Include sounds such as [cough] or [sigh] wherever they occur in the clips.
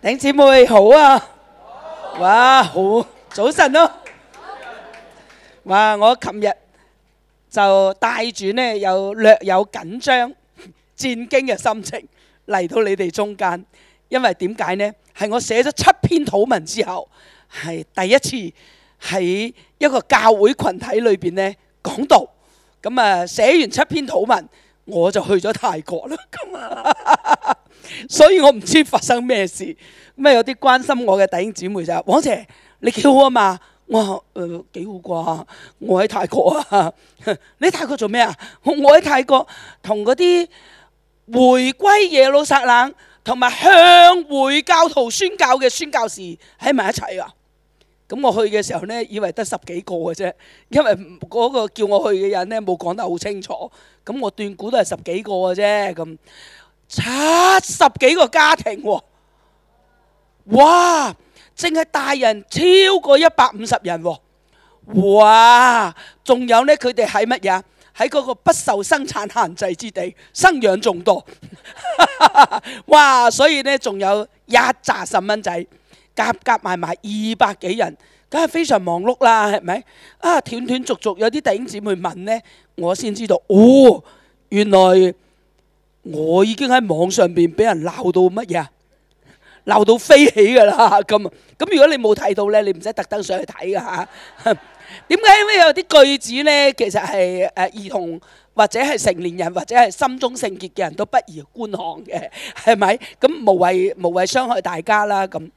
頂姐妹好啊！哇，好早晨咯！哇，我琴日就帶住呢有略有緊張、戰驚嘅心情嚟到你哋中間，因為點解呢？係我寫咗七篇禱文之後，係第一次喺一個教會群體裏邊呢講道。咁啊，寫完七篇禱文，我就去咗泰國啦。所以我唔知發生咩事，咩有啲關心我嘅弟兄姊妹就話王姐，你幾好啊嘛？我，誒、呃，幾好啩？我喺泰國啊， [laughs] 你泰國做咩啊？我喺泰國同嗰啲回歸耶路撒冷同埋向回教徒宣教嘅宣教士喺埋一齊啊！咁我去嘅時候呢，以為得十幾個嘅啫，因為嗰個叫我去嘅人呢，冇講得好清楚，咁我斷估都係十幾個嘅啫，咁。七十幾個家庭喎，哇！淨係大人超過一百五十人喎，哇！仲有呢？佢哋喺乜嘢？喺嗰個不受生產限制之地，生養眾多哈哈，哇！所以呢，仲有一紮十蚊仔，夾夾埋埋二百幾人，梗係非常忙碌啦，係咪？啊，斷斷續續有啲弟兄姊妹問呢，我先知道，哦，原來。我已經喺網上邊俾人鬧到乜嘢啊？鬧到飛起噶啦咁。咁 [laughs] 如果你冇睇到呢，你唔使特登上去睇噶。點解，因為有啲句子呢，其實係誒兒童或者係成年人或者係心中聖潔嘅人都不宜觀看嘅，係咪？咁、嗯、無謂無謂傷害大家啦。咁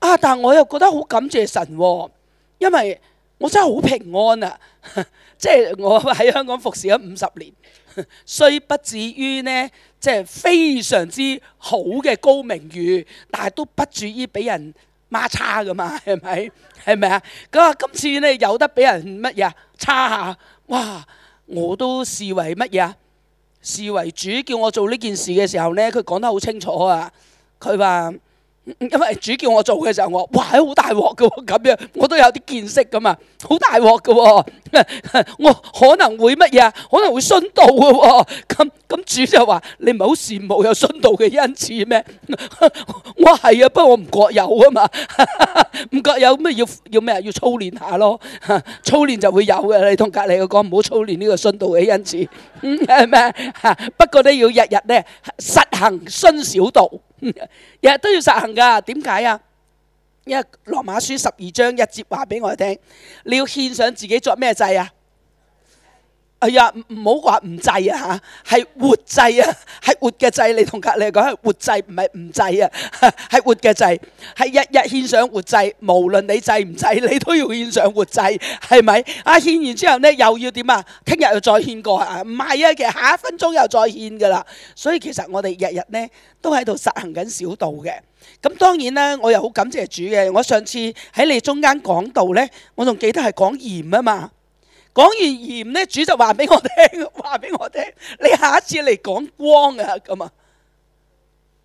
啊，但係我又覺得好感謝神，啊，因為我真係好平安啊！即 [laughs] 係我喺香港服侍咗五十年。雖不至於呢，即係非常之好嘅高名譽，但係都不至於俾人孖叉㗎嘛，係咪？係咪啊？咁啊，今次呢，有得俾人乜嘢啊？叉下，哇！我都視為乜嘢啊？視為主叫我做呢件事嘅時候呢，佢講得好清楚啊！佢話。因為主叫我做嘅時候，我哇好大鑊噶咁樣，我都有啲見識噶嘛，好大鑊噶， [laughs] 我可能會乜嘢？可能會殉道噶。咁咁主就話：你唔係好羨慕有殉道嘅恩賜咩？ [laughs] 我係啊，不過我唔覺有啊嘛，唔 [laughs] 覺有咁要要咩啊？要操練下咯，操練就會有嘅。你同隔離嘅講唔好操練呢個殉道嘅恩賜，係咪？ [laughs] 不過咧要日日咧實行殉小道。日日 [laughs] 都要實行㗎，點解啊？因為羅馬書十二章一節話畀我哋聽，你要獻上自己作咩祭啊？係啊，唔唔好話唔祭啊吓，係活祭啊，係活嘅祭。你同隔籬講係活祭，唔係唔祭啊，係活嘅祭，係日日獻上活祭。無論你祭唔祭，你都要獻上活祭，係咪？啊，獻完之後呢，又要點啊？聽日又再獻過啊？唔係啊，其實下一分鐘又再獻噶啦。所以其實我哋日日呢，都喺度實行緊小道嘅。咁當然啦，我又好感謝主嘅。我上次喺你中間講道呢，我仲記得係講鹽啊嘛。講完鹽咧，主就話俾我聽，話俾我聽，你下一次嚟講光啊。咁啊，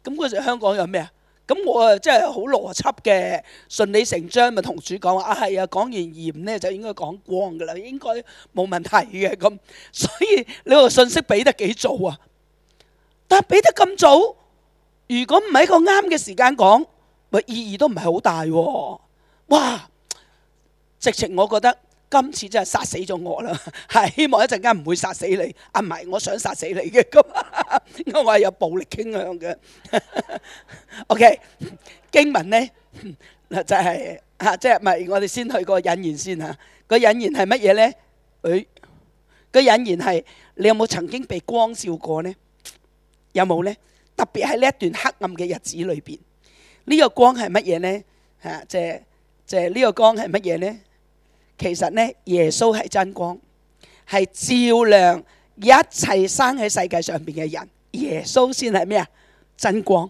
咁嗰時香港有咩啊？咁我啊真係好邏輯嘅，順理成章咪同主講話，啊係啊，講完鹽咧就應該講光噶啦，應該冇問題嘅咁，所以你個信息俾得幾早啊？但係俾得咁早，如果唔係一個啱嘅時間講，咪意義都唔係好大喎。哇！直情我覺得。今次真係殺死咗我啦！係希望一陣間唔會殺死你。啊，唔係，我想殺死你嘅咁。我話有暴力傾向嘅。OK，經文呢，就係、係、嚇、就係就係，即係唔係？我哋先去個引言先嚇。嗰個引言係乜嘢呢？佢、哎嗰個引言係你有冇曾經被光照過呢？有冇呢？特別喺呢一段黑暗嘅日子裏邊，呢、呢個光係乜嘢呢？嚇、即係！即係呢個光係乜嘢呢？其實咧，耶穌係真光，係照亮一切生喺世界上邊嘅人。耶穌先係咩啊？真光，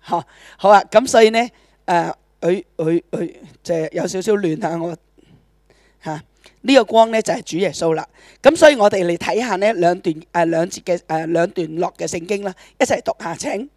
吓好啊！咁所以咧，誒，佢佢佢，即係有少少亂啊！我吓呢個光咧就係主耶穌啦。咁所以我哋嚟睇下咧兩段誒兩節嘅誒兩段落嘅聖經啦，一齊讀下，請。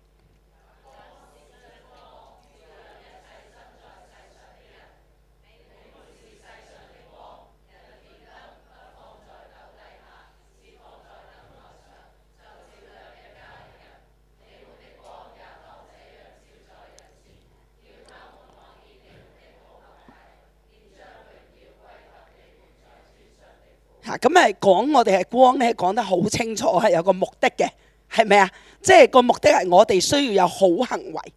咁係講我哋係光咧，講得好清楚，係有個目的嘅，係咪啊？即係個目的係我哋需要有好行為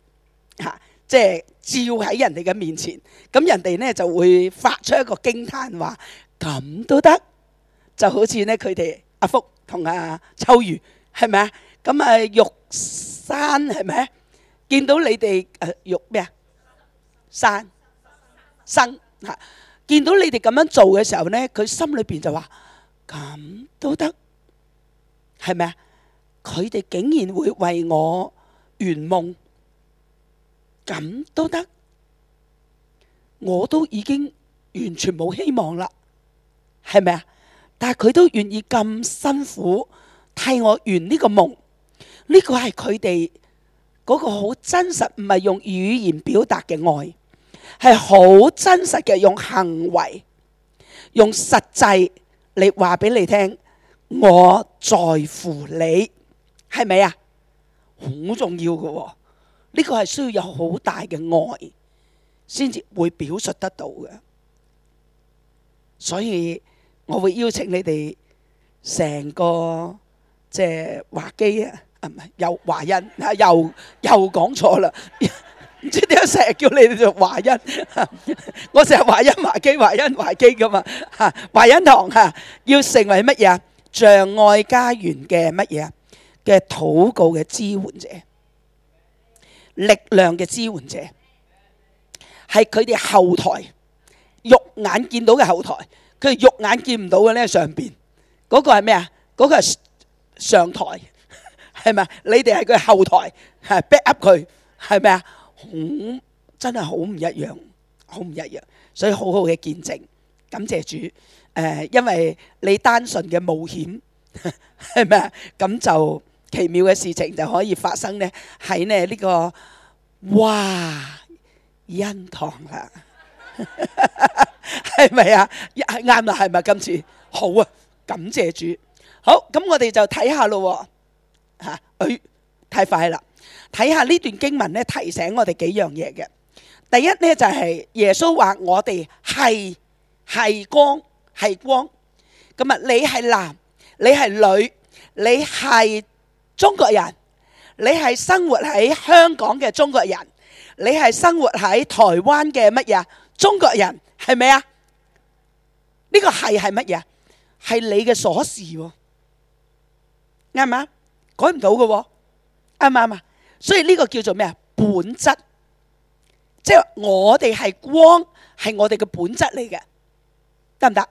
吓，即係照喺人哋嘅面前，咁人哋咧就會發出一個驚嘆，話咁都得，就好似咧佢哋阿福同阿、啊、秋如係咪啊？咁啊玉山係咪見到你哋誒玉咩啊？山生吓，見到你哋咁、呃、樣做嘅時候咧，佢心裏邊就話。咁都得係咪啊？佢哋竟然會為我圓夢，咁都得，我都已經完全冇希望啦，係咪啊？但係佢都願意咁辛苦替我圓呢個夢，呢、呢個係佢哋嗰個好真實，唔係用語言表達嘅愛，係好真實嘅用行為，用實際。你話俾你聽，我在乎你，係咪啊？好重要嘅喎，哦，呢、這個係需要有好大嘅愛，先至會表述得到嘅。所以，我會邀請你哋成個即係華基啊，唔係又華欣啊，又又講錯啦。 [laughs] 唔知點解成日叫你做華欣，我成日華欣華基華欣華基㗎嘛。華欣堂啊，要成為乜嘢？像愛家園嘅乜嘢嘅禱告嘅支援者，力量嘅支援者，係佢哋後台肉眼見到嘅後台，佢肉眼見唔到嘅呢上邊嗰個係咩啊？嗰個係上台係咪？你哋係佢後台係 back up 佢係咪啊？好真係好唔一樣，好唔一樣，所以好好嘅見證，感謝主。誒、呃，因為你單純嘅冒險，係咪？咁 [laughs] 就奇妙嘅事情就可以發生呢。喺咧呢、這個哇恩堂啦，係咪啊？啱啦， [laughs] 係咪？今次好啊，感謝主。好，咁我哋就睇下咯，吓、哎、佢太快啦。睇下呢段經文咧，提醒我哋幾樣嘢嘅。第一咧就係耶穌話：我哋係係光係光咁啊！你係男，你係女，你係中國人，你係生活喺香港嘅中國人，你係生活喺台灣嘅乜嘢中國人？係咪啊？呢個係係乜嘢？係你嘅鎖匙喎，啱唔啱？改唔到嘅喎，啱唔啱啊？所以呢個叫做咩啊？本質，即係我哋係光，係我哋嘅本質嚟嘅，得唔得？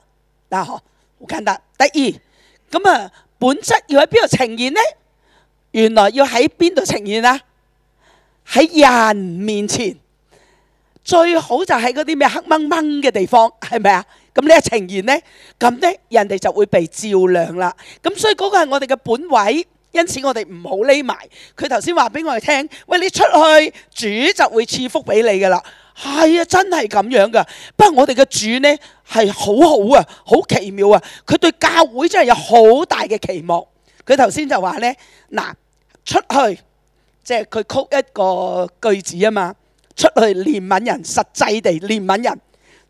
嗱，嗬，好簡單。第二，咁啊，本質要喺邊度呈現呢？原來要喺邊度呈現啊？喺人面前，最好就喺嗰啲咩黑掹掹嘅地方，係咪啊？咁呢個呈現呢？咁、呃、呢、呃呃，人哋就會被照亮啦。咁、呃、所以嗰個係我哋嘅本位。因此我哋唔好匿埋，佢頭先話俾我哋聽，喂，你出去，主就會賜福俾你噶啦。係啊，真係咁樣噶。不過我哋嘅主呢，係好好啊，好奇妙啊，佢對教會真係有好大嘅期望。佢頭先就話呢：「嗱，出去，即係佢曲一個句子啊嘛，出去憐憫人，實際地憐憫人，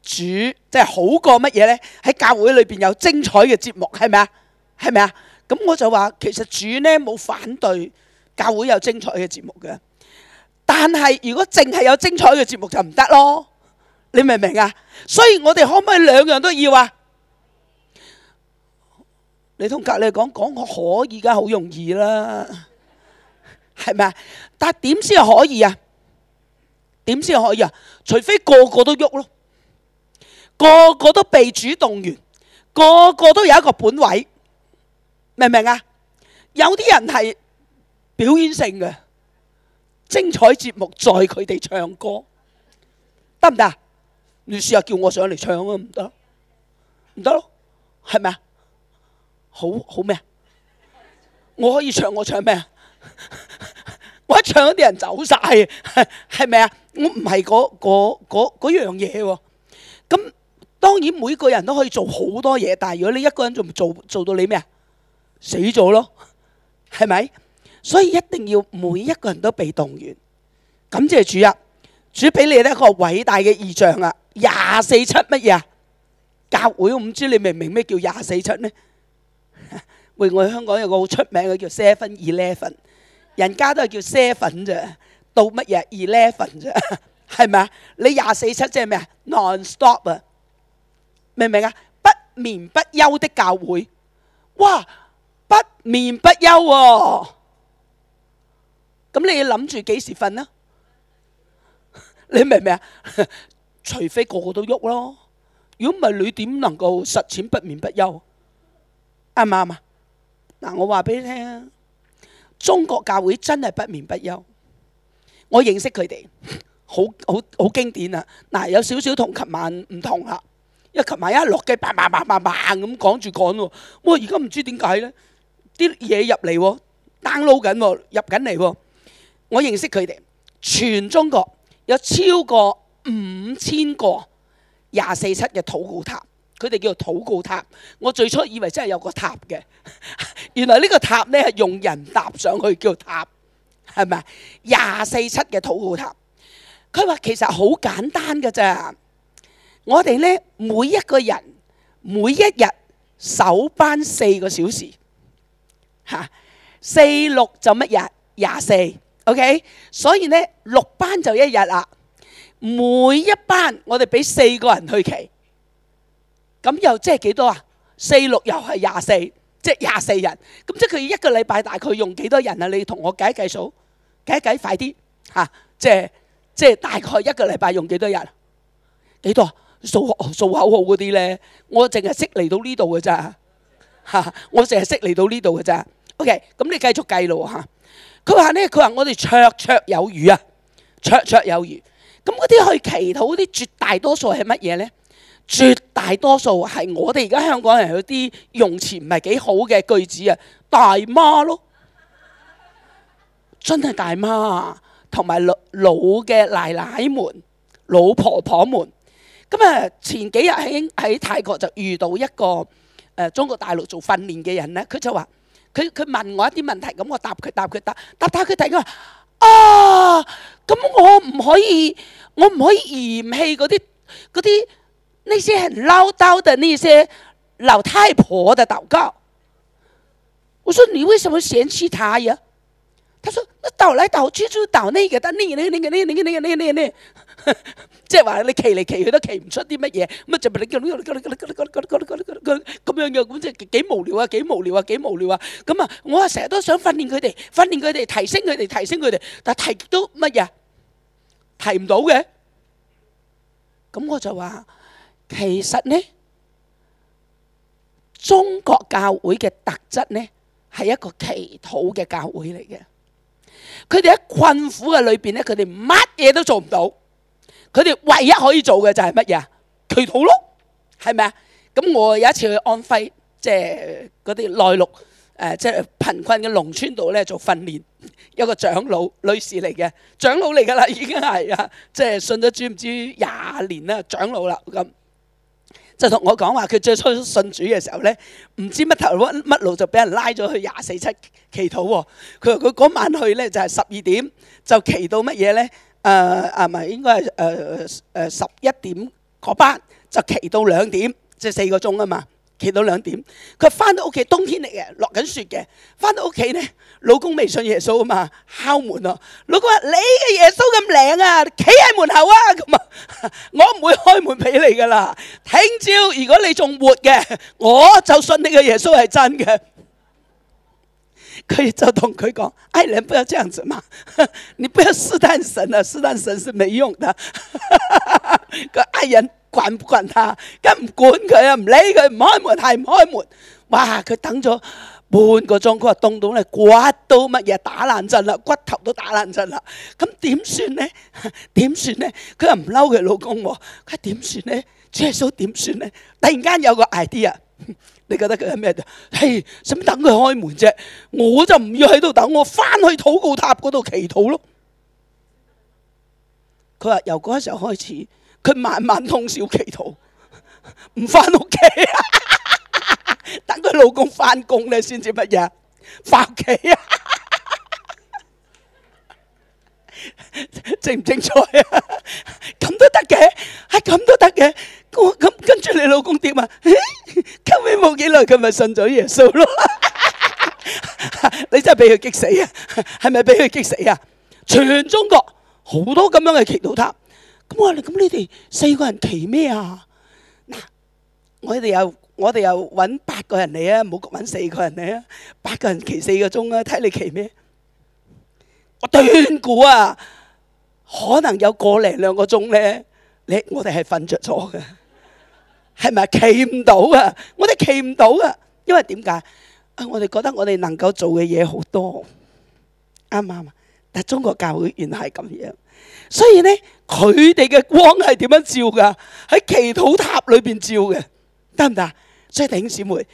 主即係、就是、好過乜嘢呢？喺教會裏邊有精彩嘅節目，係咪啊？係咪啊？咁我就話，其實主呢冇反對教會有精彩嘅節目嘅，但係如果淨係有精彩嘅節目就唔得咯，你明唔明啊？所以我哋可唔可以兩樣都要啊？你同隔籬講講我可以噶，好容易啦，係咪啊？但係點先可以啊？點先可以啊？除非個個都喐咯，個個都被主動員，個個都有一個本位。明唔明啊？有啲人係表演性嘅精彩節目，在佢哋唱歌得唔得啊？你試下叫我上嚟唱啊，唔得唔得咯，係咪啊？好好咩啊？我可以唱我唱咩啊？ [laughs] 我一唱，啲人走晒，係咪啊？我唔係嗰嗰樣嘢喎。咁當然每個人都可以做好多嘢，但係如果你一個人仲，做做到你咩啊？死咗咯，係咪？所以一定要每一個人都被動員。感謝主啊！主俾你呢一個偉大嘅異象啊，廿四七乜嘢啊？教會我唔知你明唔明咩叫廿四七呢？喂，我喺香港有個好出名嘅叫 Seven Eleven，人家都係叫 Seven 啫，到乜嘢 Eleven 啫，係咪啊？你廿四七即係咩啊？Non-stop 啊，non stop，明唔明啊？不眠不休的教會，哇！不眠不休喎，咁你諗住幾時瞓？呢？你明唔明啊？除非個個都喐咯，如果唔係你點能夠實踐不眠不休？啱唔啱啊？嗱，我話俾你聽，中國教會真係不眠不休，我認識佢哋，好好好經典啊！嗱，有少少同琴晚唔同啦，因為琴晚一落機，啪啪啪啪啪咁講住講喎，我而家唔知點解咧。啲嘢入嚟喎，download 緊喎，入緊嚟喎。我認識佢哋，全中國有超過五千個廿四七嘅禱告塔，佢哋叫做禱告塔。我最初以為真係有個塔嘅，原來呢個塔呢係用人搭上去叫塔，係咪廿四七嘅禱告塔？佢話其實好簡單㗎咋。我哋呢，每一個人每一日守班四個小時。吓、啊，四六就乜日廿四，OK。所以咧，六班就一日啦。每一班我哋俾四個人去騎，咁又即係幾多啊？四六又係廿四，即係廿四人。咁即係佢一個禮拜大概用幾多人解解解解啊？你同我計一計數，計一計快啲吓，即係即係大概一個禮拜用幾多日？幾多？數數口號嗰啲咧，我淨係識嚟到呢度噶咋，吓、啊，我淨係識嚟到呢度噶咋。啊 O.K. 咁你繼續計路嚇。佢話呢，佢話我哋綽綽有餘啊，綽綽有餘。咁嗰啲去祈禱嗰啲絕大多數係乜嘢呢？絕大多數係我哋而家香港人嗰啲用詞唔係幾好嘅句子啊，大媽咯，真係大媽同埋老老嘅奶奶們、老婆婆們。咁啊，前幾日喺喺泰國就遇到一個誒中國大陸做訓練嘅人呢，佢就話。佢佢問我一啲問題，咁我答佢答佢答，答答佢哋佢話啊，咁、哦、我唔可以，我唔可以嫌棄嗰啲嗰啲那些很嘮叨的那些老太婆的禱告。我說你為什麼嫌棄她呀？他說：那導嚟導去就導呢個，得呢？呢個呢個呢個呢個呢個呢個呢，即係話你騎嚟騎去都騎唔出啲乜嘢，乜就俾你咁樣咁樣嘅，咁即係幾無聊啊！幾無聊啊！幾無聊啊！咁啊，我啊成日都想訓練佢哋，訓練佢哋，提升佢哋，提升佢哋，但係提到乜嘢，提唔到嘅。咁我就話，其實呢，中國教會嘅特質呢，係一個祈禱嘅教會嚟嘅。佢哋喺困苦嘅裏邊咧，佢哋乜嘢都做唔到，佢哋唯一可以做嘅就係乜嘢啊？祈禱咯，係咪啊？咁我有一次去安徽，即係嗰啲內陸誒，即係貧困嘅農村度咧做訓練，一個長老女士嚟嘅，長老嚟噶啦，已經係啊，即係信咗知唔知廿年啦，長老啦咁。就同我講話，佢最初信主嘅時候咧，唔知乜頭乜路就俾人拉咗去廿四七祈禱喎。佢話佢嗰晚去咧就係十二點，就祈到乜嘢咧？誒啊，唔係，應該係誒誒十一點嗰班，就祈到兩點，即係四個鐘啊嘛。企到兩點，佢翻到屋企，冬天嚟嘅，落緊雪嘅。翻到屋企咧，老公未信耶穌啊嘛，敲門啊。老公話：你嘅耶穌咁靚啊，企喺門口啊咁啊，我唔會開門俾你噶啦。聽朝如果你仲活嘅，我就信你嘅耶穌係真嘅。佢就同佢講，愛人不要這樣子嘛，你不要試探神啊，試探神是沒用嘅。個 [laughs] 愛人。管唔管他，咁唔管佢啊，唔理佢，唔開門係唔開門，哇！佢等咗半個鐘，佢話凍到咧，刮到乜嘢打冷震啦，骨頭都打冷震啦。咁點算呢？點算呢？佢又唔嬲佢老公喎，佢點算呢？咧？耶穌點算呢？突然間有個 idea，你覺得佢係咩？嘿，使乜等佢開門啫？我就唔要喺度等我，我翻去禱告塔嗰度祈禱咯。佢話由嗰個時候開始。佢晚晚通宵祈禱，唔翻屋企啊！等佢老公翻工咧，先知乜嘢？翻屋企啊？正唔正錯啊？咁都得嘅，係咁都得嘅。我咁跟住你老公點啊？ [laughs] 後尾冇幾耐，佢咪信咗耶穌咯？ [laughs] 你真係俾佢激死啊！係咪俾佢激死啊？全中國好多咁樣嘅祈禱塔。咁我哋咁，你哋四個人企咩啊？嗱，我哋又我哋又揾八個人嚟啊，冇揾四個人嚟啊，八個人企四個鐘啊，睇你企咩？我斷估啊，可能有個零兩個鐘咧。你我哋係瞓著咗嘅，係咪啊？企唔到啊！我哋企唔到啊，因為點解啊？我哋覺得我哋能夠做嘅嘢好多啱唔啱啊？但係中國教會原係咁樣，所以咧。佢哋嘅光係點樣照噶？喺祈禱塔裏邊照嘅，得唔得？所以弟兄姊妹，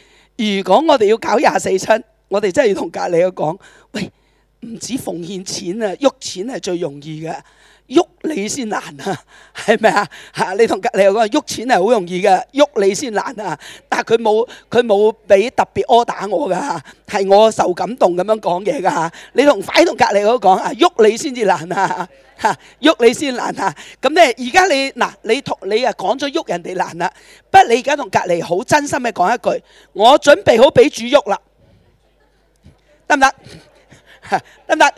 如果我哋要搞廿四七，我哋真係要同隔離去講，喂，唔止奉獻錢啊，喐錢係最容易嘅。喐你先難啊，係咪啊？嚇，你同隔離嗰講喐錢係好容易嘅，喐你先難啊！但係佢冇佢冇俾特別柯打我噶，係我受感動咁樣講嘢噶嚇。你同快同隔離嗰講啊，喐你先至難啊！嚇，喐你先難啊！咁咧，而家你嗱，你同你啊講咗喐人哋難啦。不如，你而家同隔離好真心嘅講一句，我準備好俾主喐啦。得唔得？得唔得？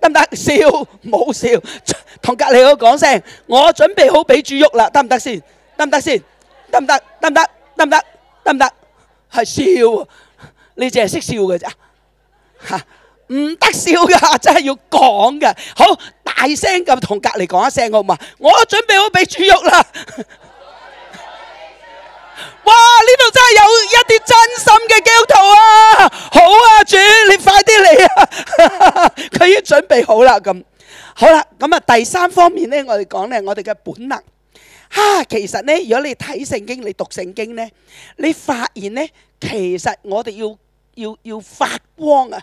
得唔得？笑冇笑，同隔籬好講聲，我準備好俾豬肉啦，得唔得先？得唔得先？得唔得？得唔得？得唔得？得唔得？係笑，你淨係識笑嘅咋？吓、啊，唔得笑噶，真係要講嘅。好大聲咁同隔籬講一聲，好唔好啊？我準備好俾豬肉啦。哇！呢度真係有一啲真心嘅基督徒啊！好啊，主你快啲嚟啊！佢 [laughs] 已經準備好啦，咁好啦。咁啊，第三方面呢，我哋講呢，我哋嘅本能啊，其實呢，如果你睇聖經、你讀聖經呢，你發現呢，其實我哋要要要發光啊，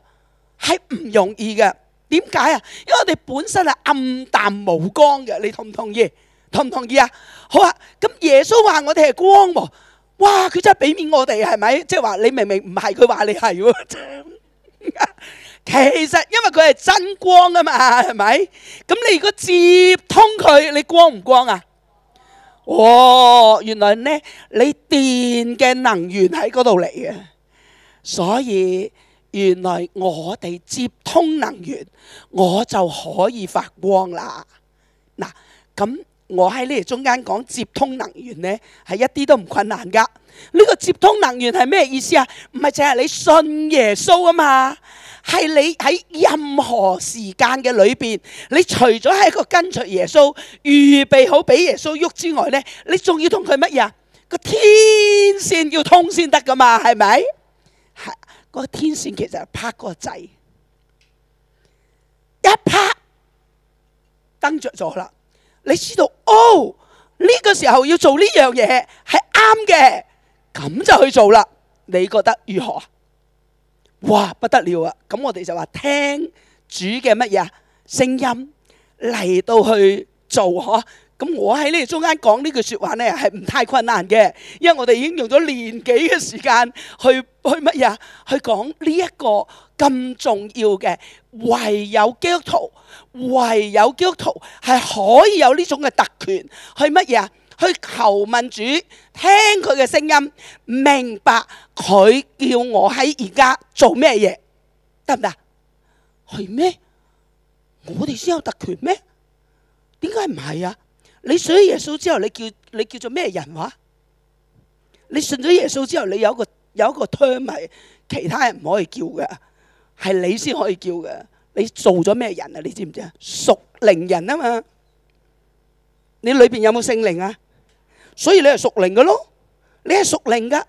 係唔容易嘅。點解啊？因為我哋本身係暗淡無光嘅，你同唔同意？同唔同意啊？好啊，咁耶穌話我哋係光喎，啊，哇！佢真係俾面我哋係咪？即係話你明明唔係，佢話你係， [laughs] 其實因為佢係真光啊嘛，係咪？咁你如果接通佢，你光唔光啊？哇、哦！原來呢，你電嘅能源喺嗰度嚟嘅，所以原來我哋接通能源，我就可以發光啦。嗱，咁。我喺呢度中間講接通能源呢，係一啲都唔困難噶。呢個接通能源係咩意思啊？唔係淨係你信耶穌啊嘛，係你喺任何時間嘅裏邊，你除咗係個跟隨耶穌預備好俾耶穌喐之外呢，你仲要同佢乜嘢？個天線要通先得噶嘛？係咪？係個天線其實拍個仔，一拍登着咗啦。你知道哦？呢個時候要做呢樣嘢係啱嘅，咁就去做啦。你覺得如何啊？哇，不得了啊！咁我哋就話聽主嘅乜嘢啊？聲音嚟到去做呵。咁我喺呢度中間講呢句說話呢，係唔太困難嘅，因為我哋已經用咗年幾嘅時間去去乜嘢啊？去講呢一個咁重要嘅，唯有基督徒，唯有基督徒係可以有呢種嘅特權，去乜嘢啊？去求問主，聽佢嘅聲音，明白佢叫我喺而家做咩嘢得唔得？係咩？我哋先有特權咩？點解唔係啊？你信咗耶穌之後，你叫你叫做咩人話？你信咗耶穌之後，你有個有一個 term 係，其他人唔可以叫嘅，係你先可以叫嘅。你做咗咩人啊？你知唔知啊？屬靈人啊嘛，你裏邊有冇聖靈啊？所以你係屬靈嘅咯，你係屬靈嘅。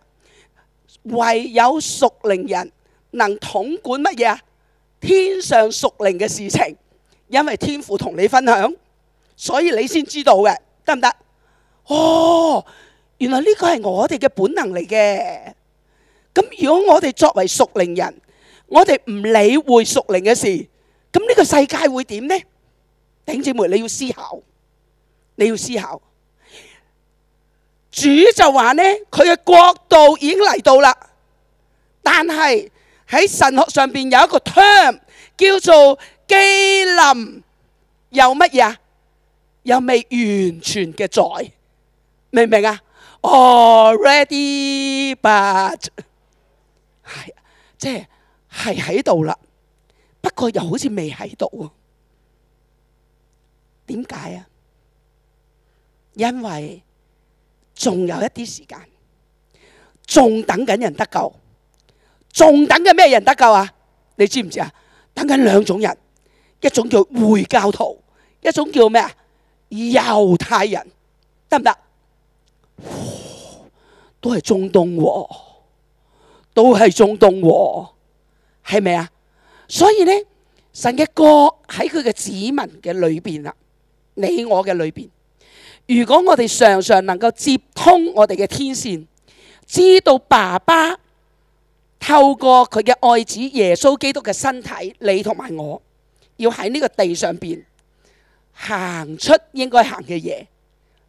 唯有屬靈人能統管乜嘢？天上屬靈嘅事情，因為天父同你分享。所以你先知道嘅，得唔得？哦，原來呢個係我哋嘅本能嚟嘅。咁如果我哋作為屬靈人，我哋唔理會屬靈嘅事，咁呢個世界會點呢？頂姐妹，你要思考，你要思考。主就話呢，佢嘅國度已經嚟到啦。但係喺神學上邊有一個 term 叫做基林，有乜嘢啊？又未完全嘅在，明唔明啊？Already but 係即係係喺度啦，不過又好似未喺度啊？點解啊？因為仲有一啲時間，仲等緊人得救，仲等緊咩人得救啊？你知唔知啊？等緊兩種人，一種叫回教徒，一種叫咩啊？猶太人得唔得？都係中東喎、啊，都係中東喎、啊，係咪啊？所以呢，神嘅國喺佢嘅子民嘅裏邊啦，你我嘅裏邊。如果我哋常常能夠接通我哋嘅天線，知道爸爸透過佢嘅愛子耶穌基督嘅身體，你同埋我要喺呢個地上邊。行出應該行嘅嘢，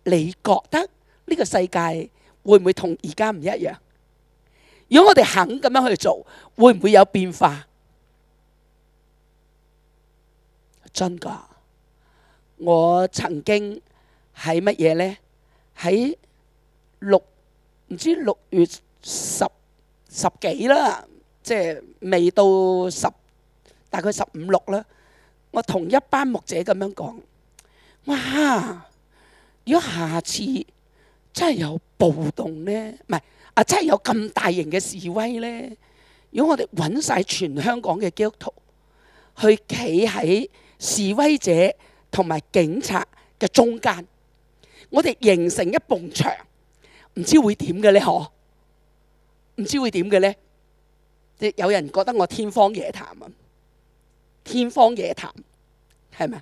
你覺得呢個世界會唔會同而家唔一樣？如果我哋肯咁樣去做，會唔會有變化？真㗎，！ [noise] [noise] [noise] 我曾經係乜嘢呢？喺六唔知六月十十幾啦，即係未到十大概十五六啦，我同一班牧者咁樣講。哇！如果下次真係有暴動呢？唔係啊，真係有咁大型嘅示威呢？如果我哋揾晒全香港嘅基督徒去企喺示威者同埋警察嘅中間，我哋形成一埲牆，唔知會點嘅呢？嗬，唔知會點嘅呢？有人覺得我天方夜譚啊，天方夜譚係咪？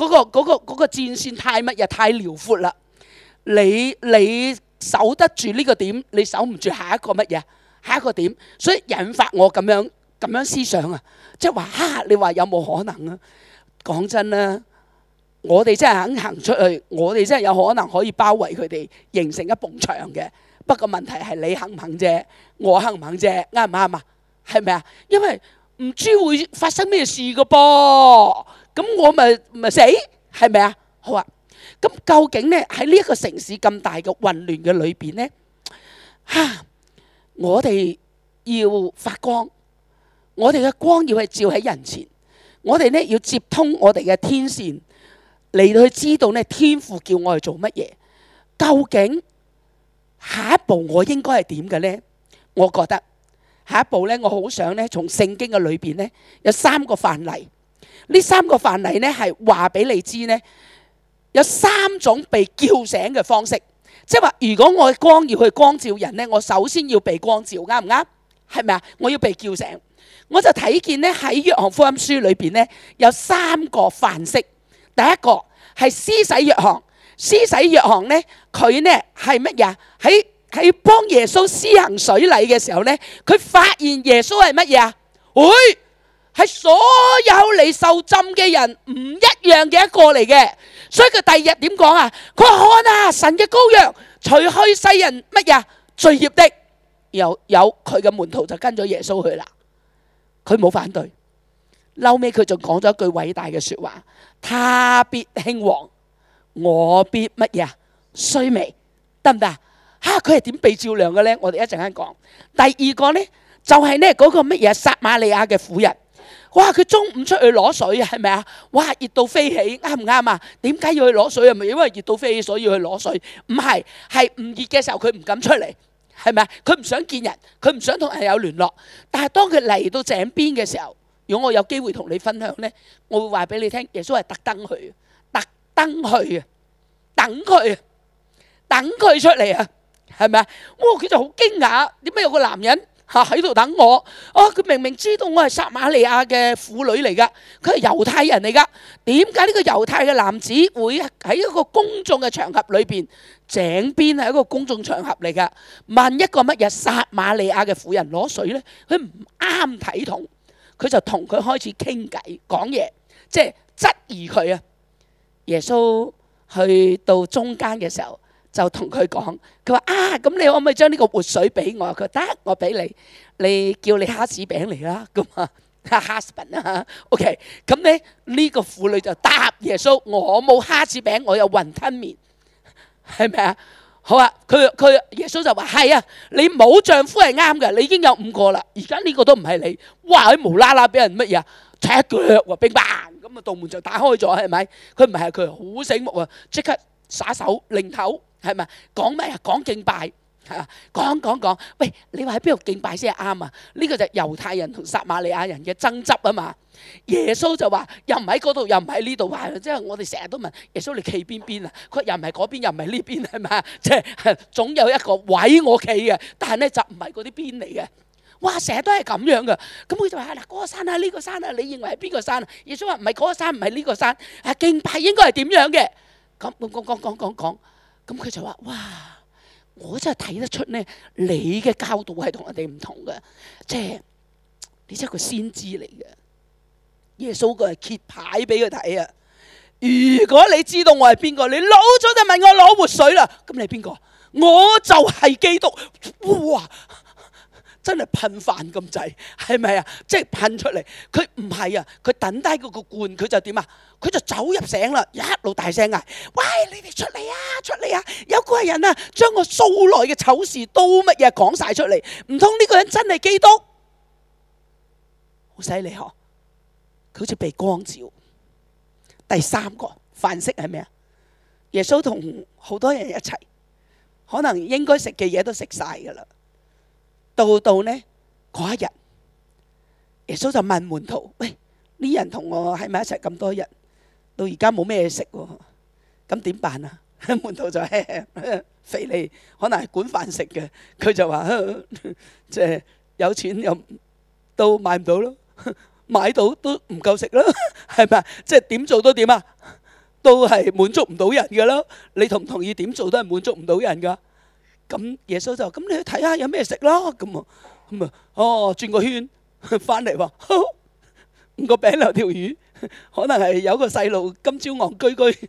嗰個嗰個嗰個戰線太乜嘢太遼闊啦！你你守得住呢個點，你守唔住下一個乜嘢下一個點，所以引發我咁樣咁樣思想啊！即係話嚇，你話有冇可能啊？講真啦，我哋真係肯行出去，我哋真係有可能可以包圍佢哋，形成一埲牆嘅。不過問題係你肯唔肯啫，我肯唔肯啫，啱唔啱啊？係咪啊？因為唔知會發生咩事嘅噃。咁我咪咪死，係咪啊？好啊！咁究竟呢，喺呢一個城市咁大嘅混亂嘅裏邊呢？啊！我哋要發光，我哋嘅光要係照喺人前，我哋呢要接通我哋嘅天綫嚟到去知道呢天父叫我係做乜嘢，究竟下一步我應該係點嘅呢？我覺得下一步呢，我好想呢，從聖經嘅裏邊呢，有三個範例。呢三個範例咧，係話俾你知咧，有三種被叫醒嘅方式。即係話，如果我光要去光照人咧，我首先要被光照，啱唔啱？係咪啊？我要被叫醒，我就睇見咧，喺約翰福音書裏邊咧，有三個範式。第一個係施洗約翰，施洗約翰咧，佢咧係乜嘢？喺喺幫耶穌施行水禮嘅時候咧，佢發現耶穌係乜嘢啊？喂。係所有嚟受浸嘅人唔一樣嘅一個嚟嘅，所以佢第二日點講啊？佢話看啊，神嘅羔羊除去世人乜嘢罪孽的，然有佢嘅門徒就跟咗耶穌去啦，佢冇反對。嬲尾，佢仲講咗一句偉大嘅說話：他必興旺，我必乜嘢啊？衰微得唔得啊？吓佢係點被照亮嘅咧？我哋一陣間講。第二個咧就係呢嗰個乜嘢？撒瑪利亞嘅婦人。哇！佢中午出去攞水啊，係咪啊？哇！熱到飛起，啱唔啱啊？點解要去攞水啊？係咪因為熱到飛起所以要去攞水？唔係，係唔熱嘅時候佢唔敢出嚟，係咪？佢唔想見人，佢唔想同人有聯絡。但係當佢嚟到井邊嘅時候，如果我有機會同你分享呢，我會話俾你聽，耶穌係特登去、特登去、等佢、等佢出嚟啊，係咪啊？哇，佢就好驚訝，點解有個男人？嚇喺度等我，哦，佢明明知道我係撒馬利亞嘅婦女嚟㗎，佢係猶太人嚟㗎，點解呢個猶太嘅男子會喺一個公眾嘅場合裏邊，井邊係一個公眾場合嚟㗎？問一個乜嘢撒馬利亞嘅婦人攞水呢？佢唔啱睇同，佢就同佢開始傾偈講嘢，即係、就是、質疑佢啊！耶穌去到中間嘅時候。就同佢講，佢話啊，咁你可唔可以將呢個活水俾我？佢得，我俾你。你叫你蝦子餅嚟啦，咁啊，husband 啊，OK。咁咧呢個婦女就答耶穌：我冇蝦子餅，我有雲吞麵，係咪啊？好啊，佢佢耶穌就話係啊，你冇丈夫係啱嘅，你已經有五個啦。而家呢個都唔係你，哇！無啦啦俾人乜嘢啊？踢腳喎，乒 bang 咁啊，道門就打開咗係咪？佢唔係佢好醒目啊，即刻耍手擰頭。係咪？講咩啊？講敬拜，吓講講講。喂，你話喺邊度敬拜先係啱啊？呢個就係猶太人同撒瑪利亞人嘅爭執啊嘛。耶穌就話又唔喺嗰度，又唔喺呢度。話即係我哋成日都問耶穌你企邊邊啊？佢又唔係嗰邊，又唔係呢邊，係咪？即係總有一個位我企嘅，但係咧就唔係嗰啲邊嚟嘅。哇，成日都係咁樣噶。咁佢就話嗱，嗰個山啊，呢個山啊，你認為係邊個山啊？耶穌話唔係嗰個山，唔係呢個山。係敬拜應該係點樣嘅？講講講講講講。咁佢就話，哇！我真係睇得出咧，你嘅教導係同我哋唔同嘅。即係，你真係個先知嚟嘅。耶穌個係揭牌俾佢睇啊！如果你知道我係邊個，你老早就問我攞活水啦。咁你邊個？我就係基督。哇！真係噴飯咁滯，係咪啊？即係噴出嚟，佢唔係啊，佢等低佢個罐，佢就點啊？佢就走入醒啦，一路大聲嗌：喂，你哋出嚟啊，出嚟啊！有個人啊，將我素來嘅醜事都乜嘢講晒出嚟，唔通呢個人真係基督？好犀利嗬！佢好似被光照。第三個飯色係咩啊？耶穌同好多人一齊，可能應該食嘅嘢都食晒噶啦。到到呢嗰一日，耶穌就問門徒：喂，呢人同我喺埋一齊咁多日，到而家冇咩食喎，咁點辦啊？門徒就：腓力可能係管飯食嘅，佢就話：即係有錢又都買唔到咯，買到都唔夠食咯，係咪？即係點做都點啊，都係滿足唔到人噶咯。你同唔同意？點做都係滿足唔到人噶。咁耶穌就咁，你去睇下有咩食咯。咁啊，咁啊，哦，轉個圈翻嚟話，五個餅，兩條魚，可能係有個細路今朝戇居居，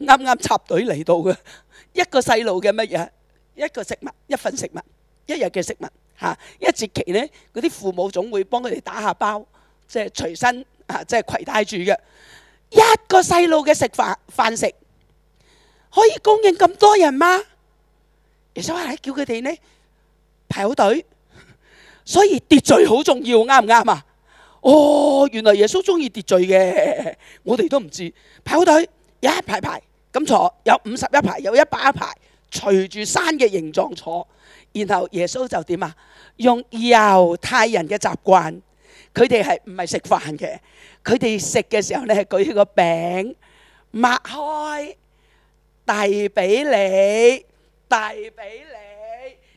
啱啱插隊嚟到嘅一個細路嘅乜嘢，一個食物，一份食物，一日嘅食物。吓，一節期呢，嗰啲父母總會幫佢哋打下包，即係隨身啊，即係携帶住嘅一個細路嘅食飯飯食，可以供應咁多人嗎？耶穌話，叫佢哋呢排好隊，所以秩序好重要，啱唔啱啊？哦，原來耶穌中意秩序嘅，我哋都唔知排好隊，一排排咁坐，有五十一排，有一百一排，隨住山嘅形狀坐，然後耶穌就點啊？用猶太人嘅習慣，佢哋係唔係食飯嘅，佢哋食嘅時候呢，舉起個餅擘開，遞俾你。遞俾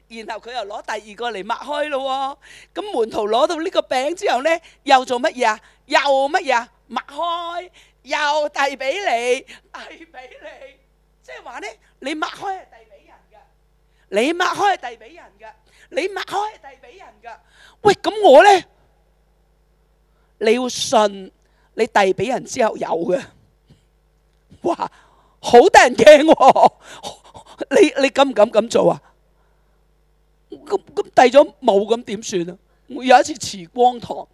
你，然後佢又攞第二個嚟擘開咯，咁門徒攞到呢個餅之後咧，又做乜嘢啊？又乜嘢啊？擘開，又遞俾你，遞俾你，即係話咧，你擘開係遞俾人噶，你擘開係遞俾人噶，你擘開係遞俾人噶。喂，咁我咧，你要信你遞俾人之後有嘅，哇，好得人驚喎。你你敢唔敢咁做啊？咁咁遞咗冇，咁點算啊？我有一次慈光堂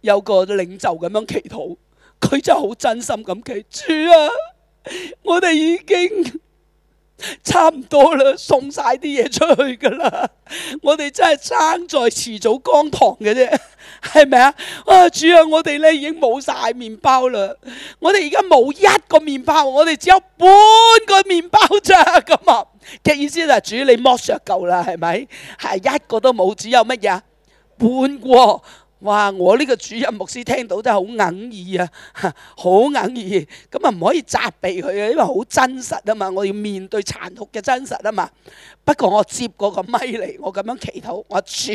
有個領袖咁樣祈禱，佢真係好真心咁祈，主啊！我哋已經差唔多啦，送晒啲嘢出去噶啦。我哋真係生在遲早江堂嘅啫，係咪啊？啊主啊，我哋咧已經冇晒麵包啦，我哋而家冇一個麵包，我哋只有半個麵包咋咁啊？嘅 [laughs] 意思就係主你剝削夠啦，係咪？係一個都冇，只有乜嘢？半個。哇！我呢個主任牧師聽到真係好哽耳啊，好哽耳。咁啊唔可以責備佢啊，因為好真實啊嘛，我要面對殘酷嘅真實啊嘛。不過我接過個咪嚟，我咁樣祈禱，我主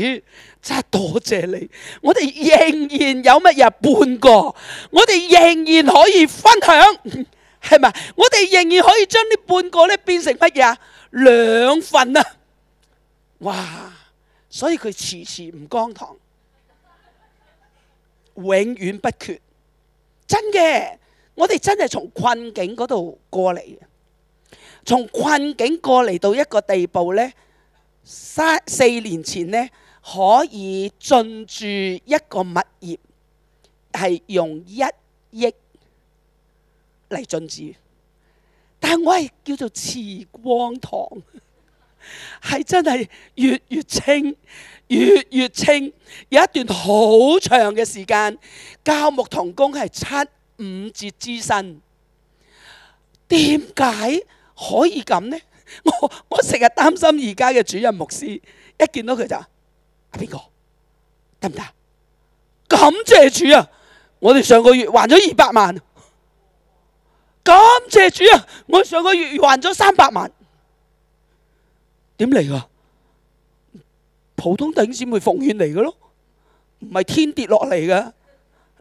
真係多謝你。我哋仍然有乜嘢半個，我哋仍然可以分享，係咪？我哋仍然可以將呢半個咧變成乜嘢啊？兩份啊！哇！所以佢遲遲唔光堂。永遠不缺，真嘅。我哋真係從困境嗰度過嚟嘅，從困境過嚟到一個地步呢，三四年前呢，可以進駐一個物業，係用一億嚟進駐，但係我係叫做慈光堂，係真係月月清。月月清，有一段好長嘅時間，教牧同工係七五折之薪，點解可以咁呢？我我成日擔心而家嘅主任牧師，一見到佢就阿，邊個？得唔得？感謝主啊！我哋上個月還咗二百萬，感謝主啊！我上個月還咗三百萬，點嚟噶？普通弟兄姊妹奉獻嚟嘅咯，唔係天跌落嚟嘅，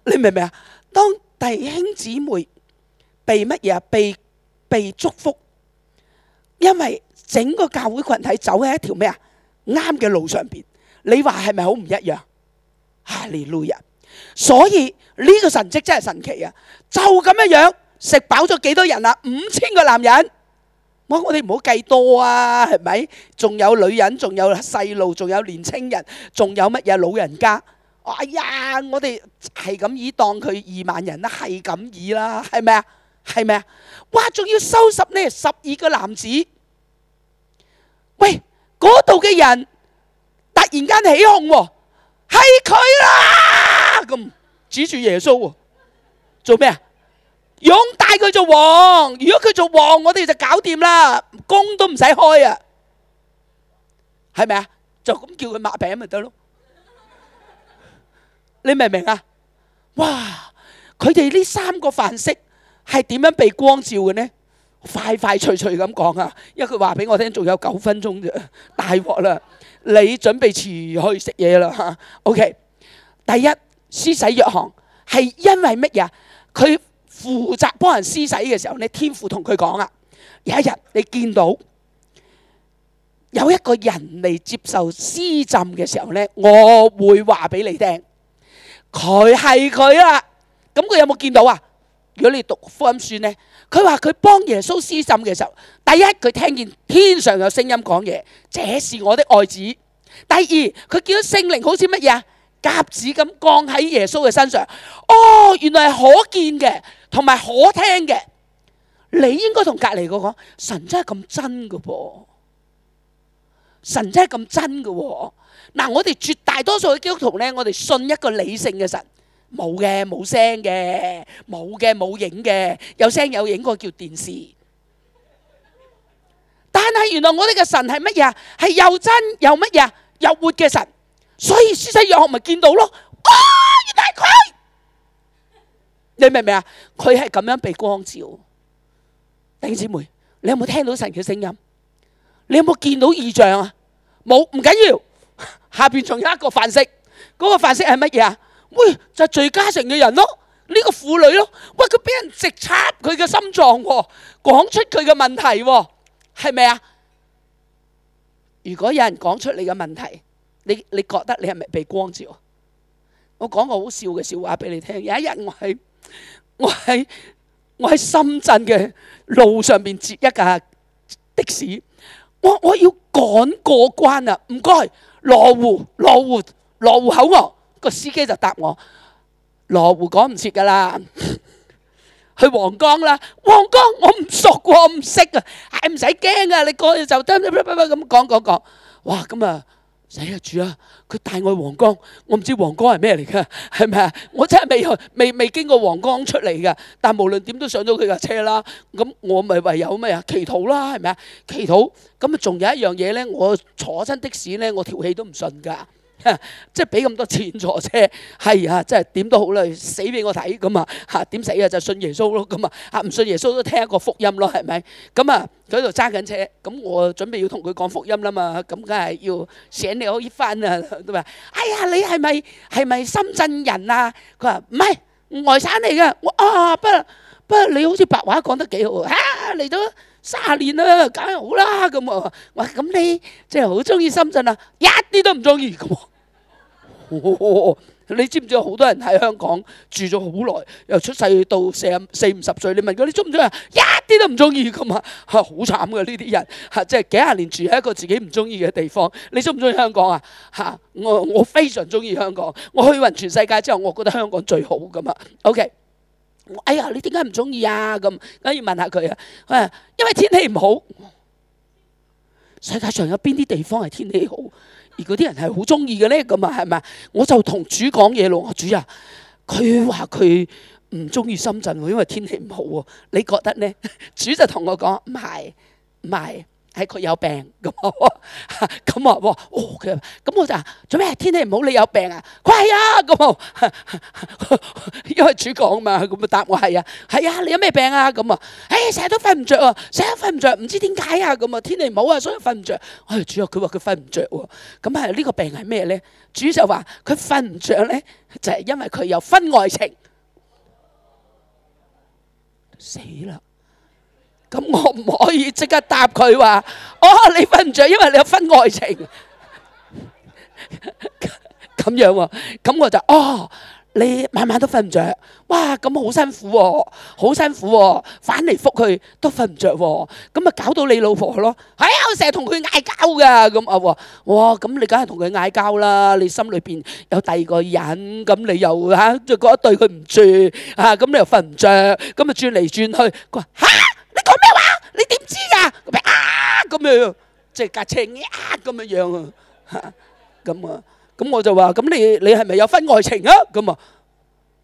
你明唔明啊？當弟兄姊妹被乜嘢被被祝福，因為整個教會群體走喺一條咩啊啱嘅路上邊，你話係咪好唔一樣？哈利路亞！所以呢個神蹟真係神奇啊！就咁樣樣食飽咗幾多人啊？五千個男人。我我哋唔好計多啊，係咪？仲有女人，仲有細路，仲有年青人，仲有乜嘢老人家？哎呀，我哋係咁以當佢二萬人啦，係咁以啦，係咪啊？係咪啊？哇，仲要收拾呢十二個男子。喂，嗰度嘅人突然間起哄，係佢啦，咁指住耶穌做咩啊？擁戴佢做王，如果佢做王，我哋就搞掂啦，工都唔使開啊，係咪啊？就咁叫佢抹餅咪得咯？你明唔明啊？哇！佢哋呢三個範式係點樣被光照嘅呢？快快脆脆咁講啊，因為佢話俾我聽，仲有九分鐘啫， [laughs] 大鑊啦！你準備遲去食嘢啦吓？OK，第一施洗約翰係因為乜嘢？佢。負責幫人施洗嘅時候呢，天父同佢講啊，有一日你見到有一個人嚟接受施浸嘅時候呢，我會話俾你聽，佢係佢啊。咁佢有冇見到啊？如果你讀福音書呢，佢話佢幫耶穌施浸嘅時候，第一佢聽見天上有聲音講嘢，這是我的愛子。第二佢見到聖靈好似乜嘢啊？鴿子咁降喺耶穌嘅身上，哦，原來係可見嘅，同埋可聽嘅。你應該同隔籬嗰個講，神真係咁真噶噃，神真係咁真噶。嗱，我哋絕大多數嘅基督徒呢，我哋信一個理性嘅神，冇嘅冇聲嘅，冇嘅冇影嘅，有聲有影個叫電視。但係原來我哋嘅神係乜嘢？係又真又乜嘢又活嘅神。所以施洗約翰咪見到咯，啊，原來係佢，你明唔明啊？佢係咁樣被光照。弟兄姊妹，你有冇聽到神嘅聲音？你有冇見到異象啊？冇，唔緊要。下邊仲有一個範式，嗰、那個範式係乜嘢啊？喂，就是、罪加成嘅人咯，呢、這個婦女咯，喂佢俾人直插佢嘅心臟，講、哦、出佢嘅問題，係咪啊？如果有人講出你嘅問題。你你覺得你係咪被光照？我講個好笑嘅笑話俾你聽。有一日我喺我喺我喺深圳嘅路上邊截一架的士，我我要趕過關啊！唔該，羅湖羅湖羅湖口喎。個司機就答我：羅湖趕唔切㗎啦，去黃江啦。黃江我唔熟，我唔識啊。唉唔使驚啊，你過就噠噠噠噠噠咁講講講。哇！咁啊～死啊住啊！佢帶我去黃江，我唔知黃江係咩嚟噶，係咪啊？我真係未去，未未經過黃江出嚟噶。但無論點都上到佢架車啦，咁我咪唯有咩啊？祈禱啦，係咪啊？祈禱。咁啊，仲有一樣嘢咧，我坐親的士咧，我條氣都唔順噶。即係俾咁多錢坐車，係啊，即係點都好啦，死俾我睇咁啊！嚇點死啊？就信耶穌咯咁啊！嚇唔信耶穌都聽一個福音咯，係咪？咁啊，佢喺度揸緊車，咁我準備要同佢講福音啦嘛，咁梗係要醒你可以翻啊！都話：哎呀，你係咪係咪深圳人啊？佢話唔係外省嚟嘅。我啊不過不過，你好似白話講得幾好啊！嚟咗卅年啦，梗係好啦咁啊！我咁你即係好中意深圳啊？一啲都唔中意咁啊！哦、你知唔知有好多人喺香港住咗好耐，由出世到四四五十歲？你問佢你中唔中意啊？一啲都唔中意噶嘛？好、啊、慘噶呢啲人吓，即、啊、係、就是、幾廿年住喺一個自己唔中意嘅地方。你中唔中意香港啊？吓、啊，我我非常中意香港。我去完全世界之後，我覺得香港最好噶嘛。OK，哎呀，你點解唔中意啊？咁可以問，問下佢啊。佢話因為天氣唔好。世界上有邊啲地方係天氣好？而嗰啲人係好鍾意嘅呢，咁啊，係咪？我就同主講嘢咯，主啊，佢話佢唔鍾意深圳喎，因為天氣唔好喎，你覺得呢？主就同我講唔係，唔係。係佢有病咁啊，咁啊，咁我就話做咩？天氣唔好你有病啊？佢係啊，咁啊，因為主講啊嘛，咁啊答我係啊，係啊，你有咩病啊？咁啊，唉、欸，成日都瞓唔着啊，成日瞓唔着，唔知點解啊？咁啊，天氣唔好啊，所以瞓唔着。哎」我哋主啊，佢話佢瞓唔着。」喎，咁係呢個病係咩咧？主就話佢瞓唔着咧，就係因為佢有婚外情。死啦！咁我唔可以即刻答佢話哦，你瞓唔著，因為你有婚外情咁樣喎。咁我就哦，你晚晚都瞓唔著，哇咁好辛苦喎，好辛苦喎，反嚟覆去都瞓唔著喎。咁啊搞到你老婆咯，係啊，我成日同佢嗌交㗎，咁啊，哇咁你梗係同佢嗌交啦。你心裏邊有第二個人，咁你又嚇就覺得對佢唔住嚇，咁你又瞓唔著，咁啊轉嚟轉去佢話嚇。你點知噶？咁啊，咁樣即係格青呀咁樣樣啊，咁啊咁我就話咁你你係咪有婚外情啊？咁啊，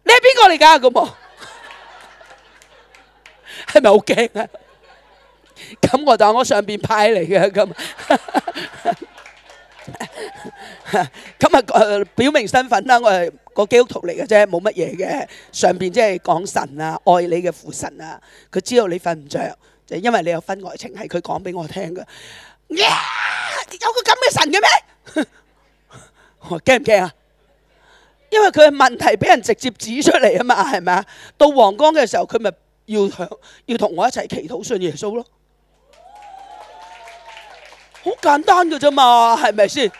你係邊個嚟噶？咁啊，係咪好驚啊？咁我就話我上邊派嚟嘅咁，咁啊誒表明身份啦。我係個基督徒嚟嘅啫，冇乜嘢嘅。上邊即係講神啊，愛你嘅父神啊，佢知道你瞓唔著。就因為你有婚外情，係佢講俾我聽嘅。有個咁嘅神嘅咩？我驚唔驚啊？因為佢問題俾人直接指出嚟啊嘛，係咪啊？到黃江嘅時候，佢咪要響要同我一齊祈禱信耶穌咯。好簡單嘅啫嘛，係咪先？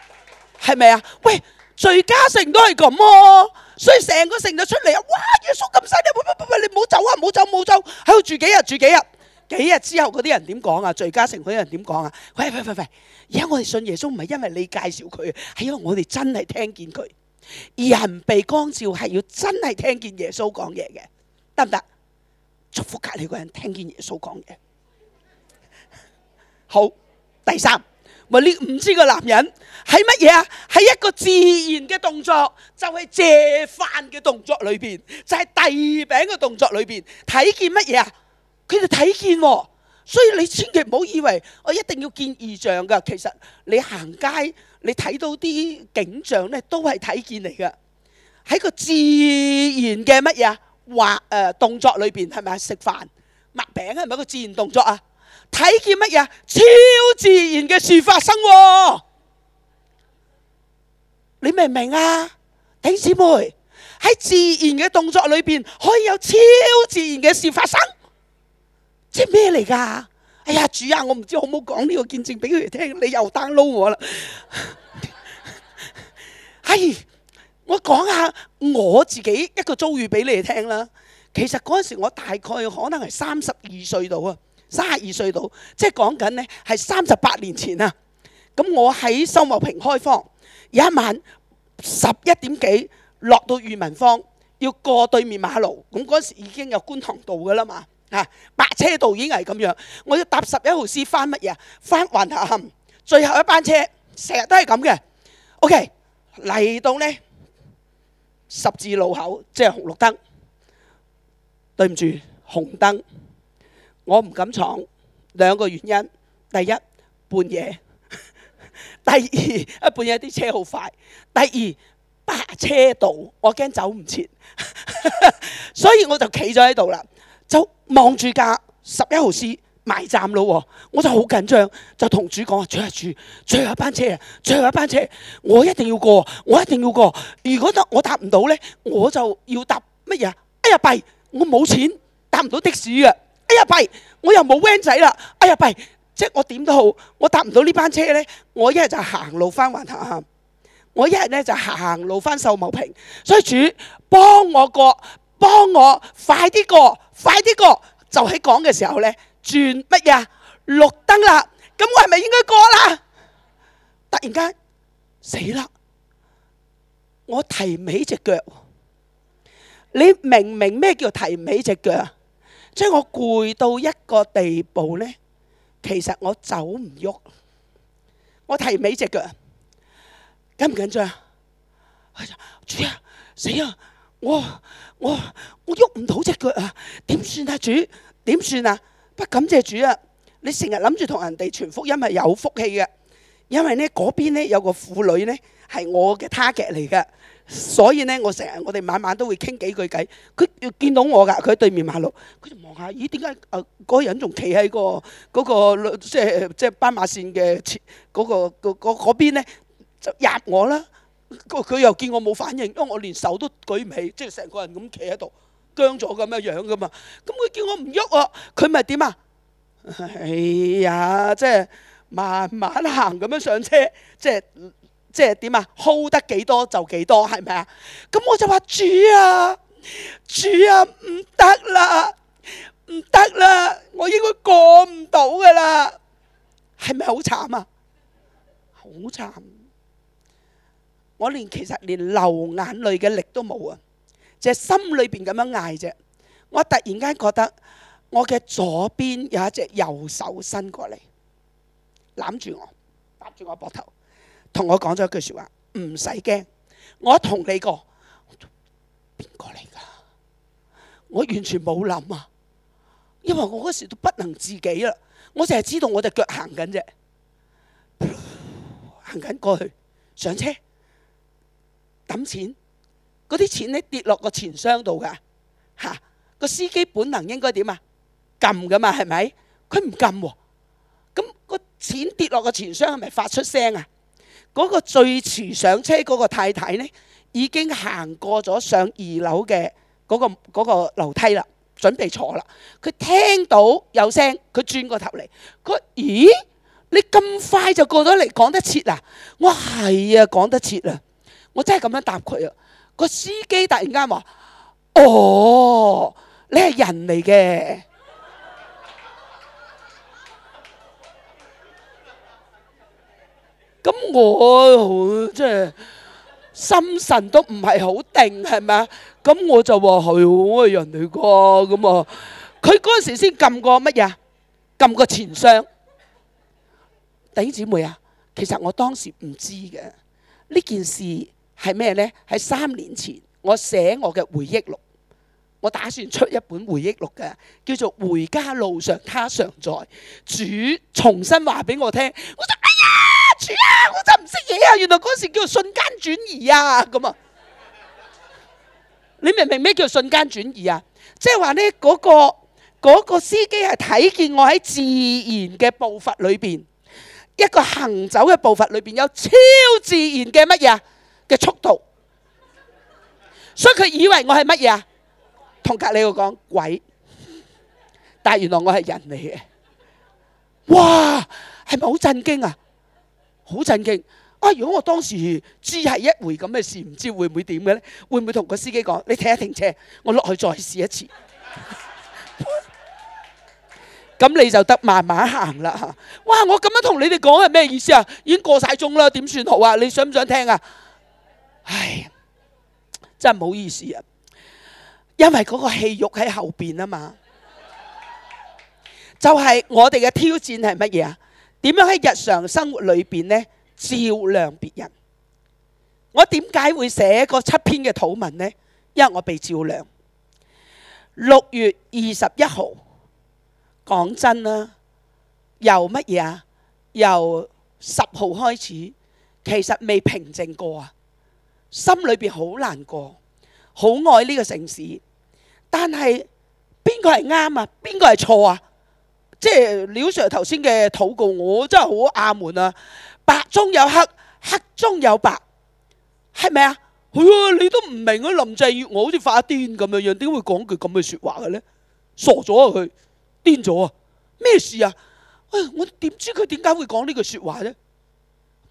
係咪啊？喂，敘加城都係咁啊，所以成個城就出嚟啊！哇，耶穌咁犀利，喂喂喂，你唔好走啊，唔好走唔好走，喺度住幾日？住幾日？幾日之後嗰啲人點講啊？敘加城嗰啲人點講啊？喂喂喂喂！而家我哋信耶穌唔係因為你介紹佢，係因為我哋真係聽見佢。而人被光照係要真係聽見耶穌講嘢嘅，得唔得？祝福隔籬嗰人聽見耶穌講嘢。好，第三，我呢唔知個男人係乜嘢啊？係一個自然嘅動作，就係借飯嘅動作裏邊，就係遞餅嘅動作裏邊，睇見乜嘢啊？佢哋睇見，所以你千祈唔好以為我一定要見異象噶。其實你行街，你睇到啲景象咧，都係睇見嚟噶。喺個自然嘅乜嘢或誒動作裏邊，係咪食飯抹餅係咪一個自然動作啊？睇見乜嘢超自然嘅事發生，啊，你明唔明啊？弟兄姊妹喺自然嘅動作裏邊，可以有超自然嘅事發生。即係咩嚟噶？哎呀，主啊，我唔知好唔好講呢個見證俾佢哋聽，你又 download 我啦！係、 [laughs] 哎，我講下我自己一個遭遇俾你哋聽啦。其實嗰陣時我大概可能係三十二歲度啊，三十二歲度，即係講緊呢係三十八年前啊。咁我喺秀茂坪開荒，有一晚十一點幾落到裕民坊，要過對面馬路，咁嗰時已經有觀塘道噶啦嘛。啊！白車道已經係咁樣，我要搭十一號線翻乜嘢啊？翻雲霞最後一班車，成日都係咁嘅。O.K. 嚟到呢十字路口，即係紅綠燈。對唔住，紅燈，我唔敢闖，兩個原因：第一半夜，第二一半夜啲車好快；第二白車道，我驚走唔切， [laughs] 所以我就企咗喺度啦。就望住架十一號線埋站咯，我就好緊張，就同主講啊！最後一班車啊，最後一班車，我一定要過，我一定要過。如果我搭唔到呢，我就要搭乜嘢？哎呀弊！我冇錢搭唔到的士嘅。哎呀弊！我又冇 van 仔啦。哎呀弊！即係我點都好，我搭唔到呢班車呢，我一係就路行路返橫塔下，我一係呢，就行路返秀茂坪。所以主幫我過。幫我快啲過，快啲過！就喺講嘅時候呢轉乜嘢？綠燈啦，咁我係咪應該過啦？突然間死啦！我提唔起隻腳，你明唔明咩叫提唔起隻腳？即係我攰到一個地步呢，其實我走唔喐，我提唔起隻腳。緊唔緊張呀？住呀，死呀！死我我我喐唔到隻腳啊！點算啊主？點算啊？不感謝主啊！你成日諗住同人哋傳福音係有福氣嘅，因為咧嗰邊咧有個婦女咧係我嘅 target 嚟嘅，所以咧我成日我哋晚晚都會傾幾句偈。佢見到我㗎，佢喺對面馬路，佢就望下，咦，點解啊嗰人仲企喺個嗰、嗰個即係即係斑馬線嘅嗰、嗰個嗰、嗰個嗰個、邊咧就壓我啦？佢又見我冇反應，因為我連手都舉唔起，即係成個人咁企喺度僵咗咁樣樣噶嘛。咁佢叫我唔喐我，佢咪點啊？哎呀，即係慢慢行咁樣上車，即係即係點啊？hold 得幾多就幾多，係咪啊？咁我就話主啊，主啊，唔得啦，唔得啦，我應該過唔到噶啦，係咪好慘啊？好慘！我連其實連流眼淚嘅力都冇啊！淨係心裏邊咁樣嗌啫。我突然間覺得我嘅左邊有一隻右手伸過嚟攬住我，搭住我膊頭，同我講咗一句說話：唔使驚，我同你過。邊個嚟噶？我完全冇諗啊！因為我嗰時都不能自己啦，我淨係知道我隻腳行緊啫，行緊過去上車。抌錢，嗰啲錢咧跌落個錢箱度噶，吓、啊、個司機本能應該點啊？撳噶嘛係咪？佢唔撳，咁個錢跌落個錢箱係咪發出聲啊？嗰、嗰個最遲上車嗰個太太呢，已經行過咗上二樓嘅嗰、嗰個嗰、嗰個樓梯啦，準備坐啦。佢聽到有聲，佢轉過頭嚟，佢咦？你咁快就過咗嚟，講得切啊？我係啊，講得切啊！我真係咁樣答佢啊！個司機突然間話：哦，你係人嚟嘅。咁我即係心神都唔係好定，係咪啊？咁我就話係我係人嚟㗎咁啊！佢嗰陣時先撳過乜嘢？撳過錢箱。弟兄姊妹啊，其實我當時唔知嘅呢件事。係咩呢？喺三年前，我寫我嘅回憶錄，我打算出一本回憶錄嘅，叫做《回家路上他常在》，主重新話俾我聽，我話：哎呀，主啊，我真係唔識嘢啊！原來嗰時叫瞬間轉移啊，咁啊！你明唔明咩叫瞬間轉移啊？即係話呢，嗰個嗰個司機係睇見我喺自然嘅步伐裏邊，一個行走嘅步伐裏邊，有超自然嘅乜嘢？嘅速度，所以佢以為我係乜嘢啊？同隔離個講鬼，但係原來我係人嚟嘅。哇，係咪好震驚啊？好震驚啊！如果我當時知係一回咁嘅事，唔知會唔會點嘅咧？會唔會同個司機講你停一停車，我落去再試一次？咁你就得慢慢行啦。哇！我咁樣同你哋講係咩意思啊？已經過晒鐘啦，點算好啊？你想唔想聽啊？唉，真係唔好意思啊，因為嗰個戲肉喺後邊啊嘛， [laughs] 就係我哋嘅挑戰係乜嘢啊？點樣喺日常生活裏邊呢，照亮別人？我點解會寫嗰七篇嘅討文呢？因為我被照亮。六月二十一號，講真啦，由乜嘢啊？由十號開始，其實未平靜過啊。心裏邊好難過，好愛呢個城市，但係邊個係啱啊？邊個係錯啊？即係廖 Sir 頭先嘅禱告，我真係好阿門啊！白中有黑，黑中有白，係咪啊？你都唔明啊？林鄭月娥我好似發癲咁樣樣，點會講句咁嘅說話嘅咧？傻咗啊！佢癲咗啊？咩事啊？哎呀，我點知佢點解會講呢句說話呢？